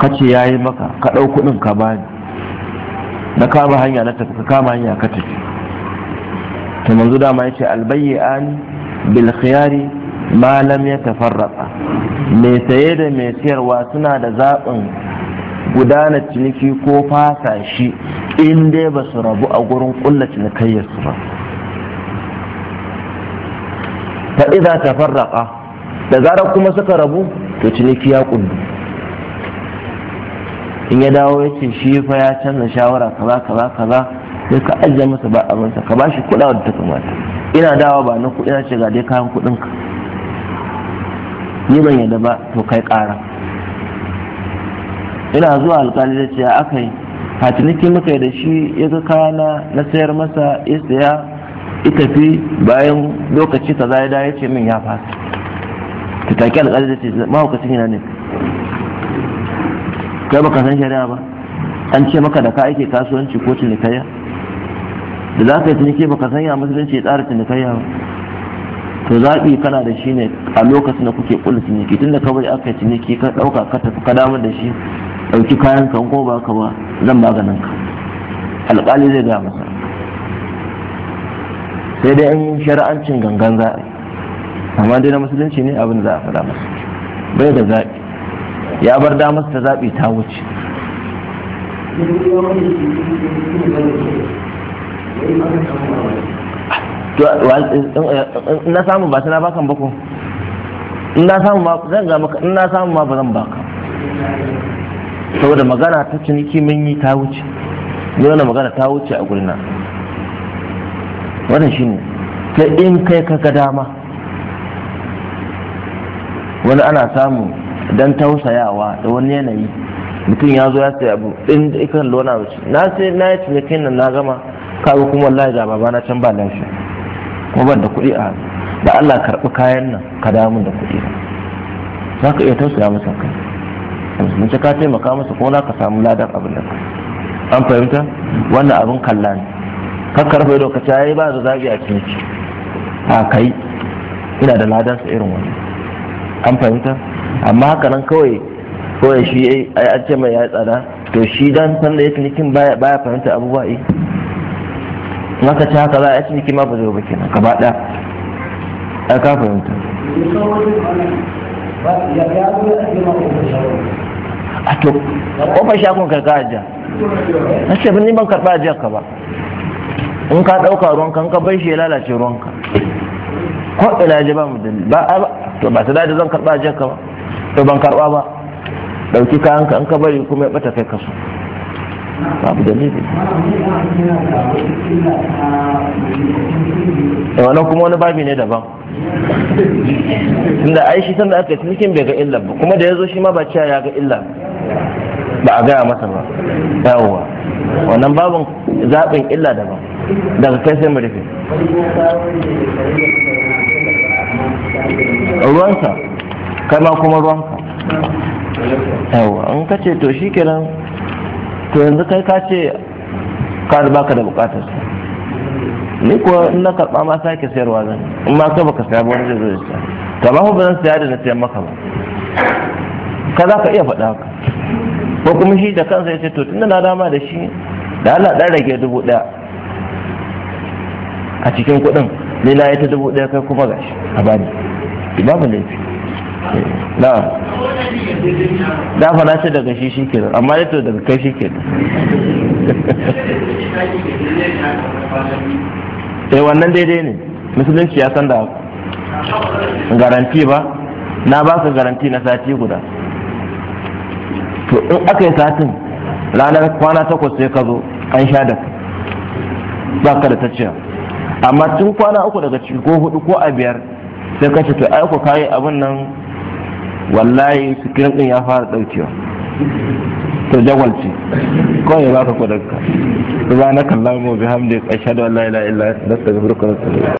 ka ce ya yi maka ka ɗau kuɗin ka bani na kama hanya na tafi ka kama hanya ka tafi to manzu dama ya ce albayi an bil malam ya mai saye da mai sayarwa suna da zaɓin gudanar ciniki ko fasa shi in dai ba su rabu a gurin ƙulla cinikayyar su ba ta idza tafarraƙa da zarar kuma suka rabu to ciniki ya ƙundu. in ya dawo ya ce shi fa ya canza shawara kaza kaza kaza sai ka ajiye masa ba abinsa ka bashi kuɗa da ta kamata ina dawa ba na kuɗi na ce ga dai kayan kuɗin ka ni ban yadda ba to kai ƙara ina zuwa alƙali da ce aka yi hatiniki muka yi da shi ya ga kayana na sayar masa ya saya ya tafi bayan lokaci kaza ya dawo ya ce min ya fasa ta take alƙali da ce mahaukacin yana ne kai baka san shari'a ba an ce maka da ka aike kasuwanci ko cinikayya da za ka yi ciniki baka san ya musulunci ya tsara cinikayya ba to zaɓi kana da shi ne a lokacin da kuke ƙulla ciniki tunda ka bari aka yi ciniki ka ɗauka ka tafi ka damar da shi ɗauki kayan kan ko ba ka ba zan maganin ka alƙali zai gaya masa sai dai yi shari'ancin gangan za a yi amma dai na musulunci ne abin za a faɗa masa bai da zaɓi ya bar damar ta zaɓi ta wuce na samu ba na bakan bako in na samu ma zan ga maka in ba zan baka saboda magana ta ciniki mun yi ta wuce ni wannan magana ta wuce a gurina wannan shine ta in kai ka ga dama wani ana samu don tausayawa da wani yanayi mutum ya zo ya sai abu da ikan lona wuce na sai na yi cinikin nan na gama kawo kuma wallahi ga babana can ba lafiya kuma ban da kuɗi a da Allah karɓi kayan nan ka damu da kuɗi za ka iya tausaya masa kai musulunci ka taimaka masa ko na ka samu ladan abin da an fahimta wannan abin kalla ne ka fa ido ka ce ba da zagi a ciniki a kai ina da ladan sa irin wani an fahimta amma haka nan kawai kawai shi ai an ce mai ya tsada to shi dan san da ya nikin baya fahimta abubuwa yi eh. maka ta haka za a yi nikin ma ba zai ba kenan gaba ɗaya ai ka fahimta a to kofar shagon kai ka ajiya na ce ni ban karba ajiyar ka ba in ka ɗauka ruwanka in ka bai shi ya lalace ruwanka ko ina ji ba mu dalili ba to ba ta da zan karba ajiyar ka ba to ban karba ba dauki kayan ka an ka bari kuma ya bata kai kaso babu dalili da wannan kuma wani babi ne daban tunda ai shi sanda aka cikin bai ga illa ba kuma da ya zo shi ma ba ciya ya ga illa ba a gaya masa ba yawwa wannan babin zaɓin illa daban daga kai sai mu rufe ruwansa kai ma kuma ruwan yawa an kace to shi kenan to yanzu kai ka ce ka ba ka da bukatar ni kuwa in na karɓa ma sake sayarwa zan in ma ka baka saya ba wani zai zo ya ta to amma ba zan saya da na sayan maka ba ka za ka iya faɗa haka ko kuma shi da kansa ya ce to tunda na dama da shi da Allah ɗan rage dubu ɗaya a cikin kuɗin ni na yi ta dubu ɗaya kai kuma gashi a bani babu laifi na da fara ce daga shi shi kenan amma ya to daga kai shi kenan eh wannan daidai ne musulunci ya san da garanti ba na ba ka garanti na sati guda to in aka yi satin ranar kwana takwas sai ka zo an sha da ba ka da ta ciya amma tun kwana uku daga ciki ko hudu ko a biyar sai ka ce to ai ku kayi abin nan wallahi sikirin din ya fara daukewa to jagwalci kawai ya baka kudanka subhanakallahumma wa bihamdika ashhadu an la ilaha illa anta astaghfiruka wa atubu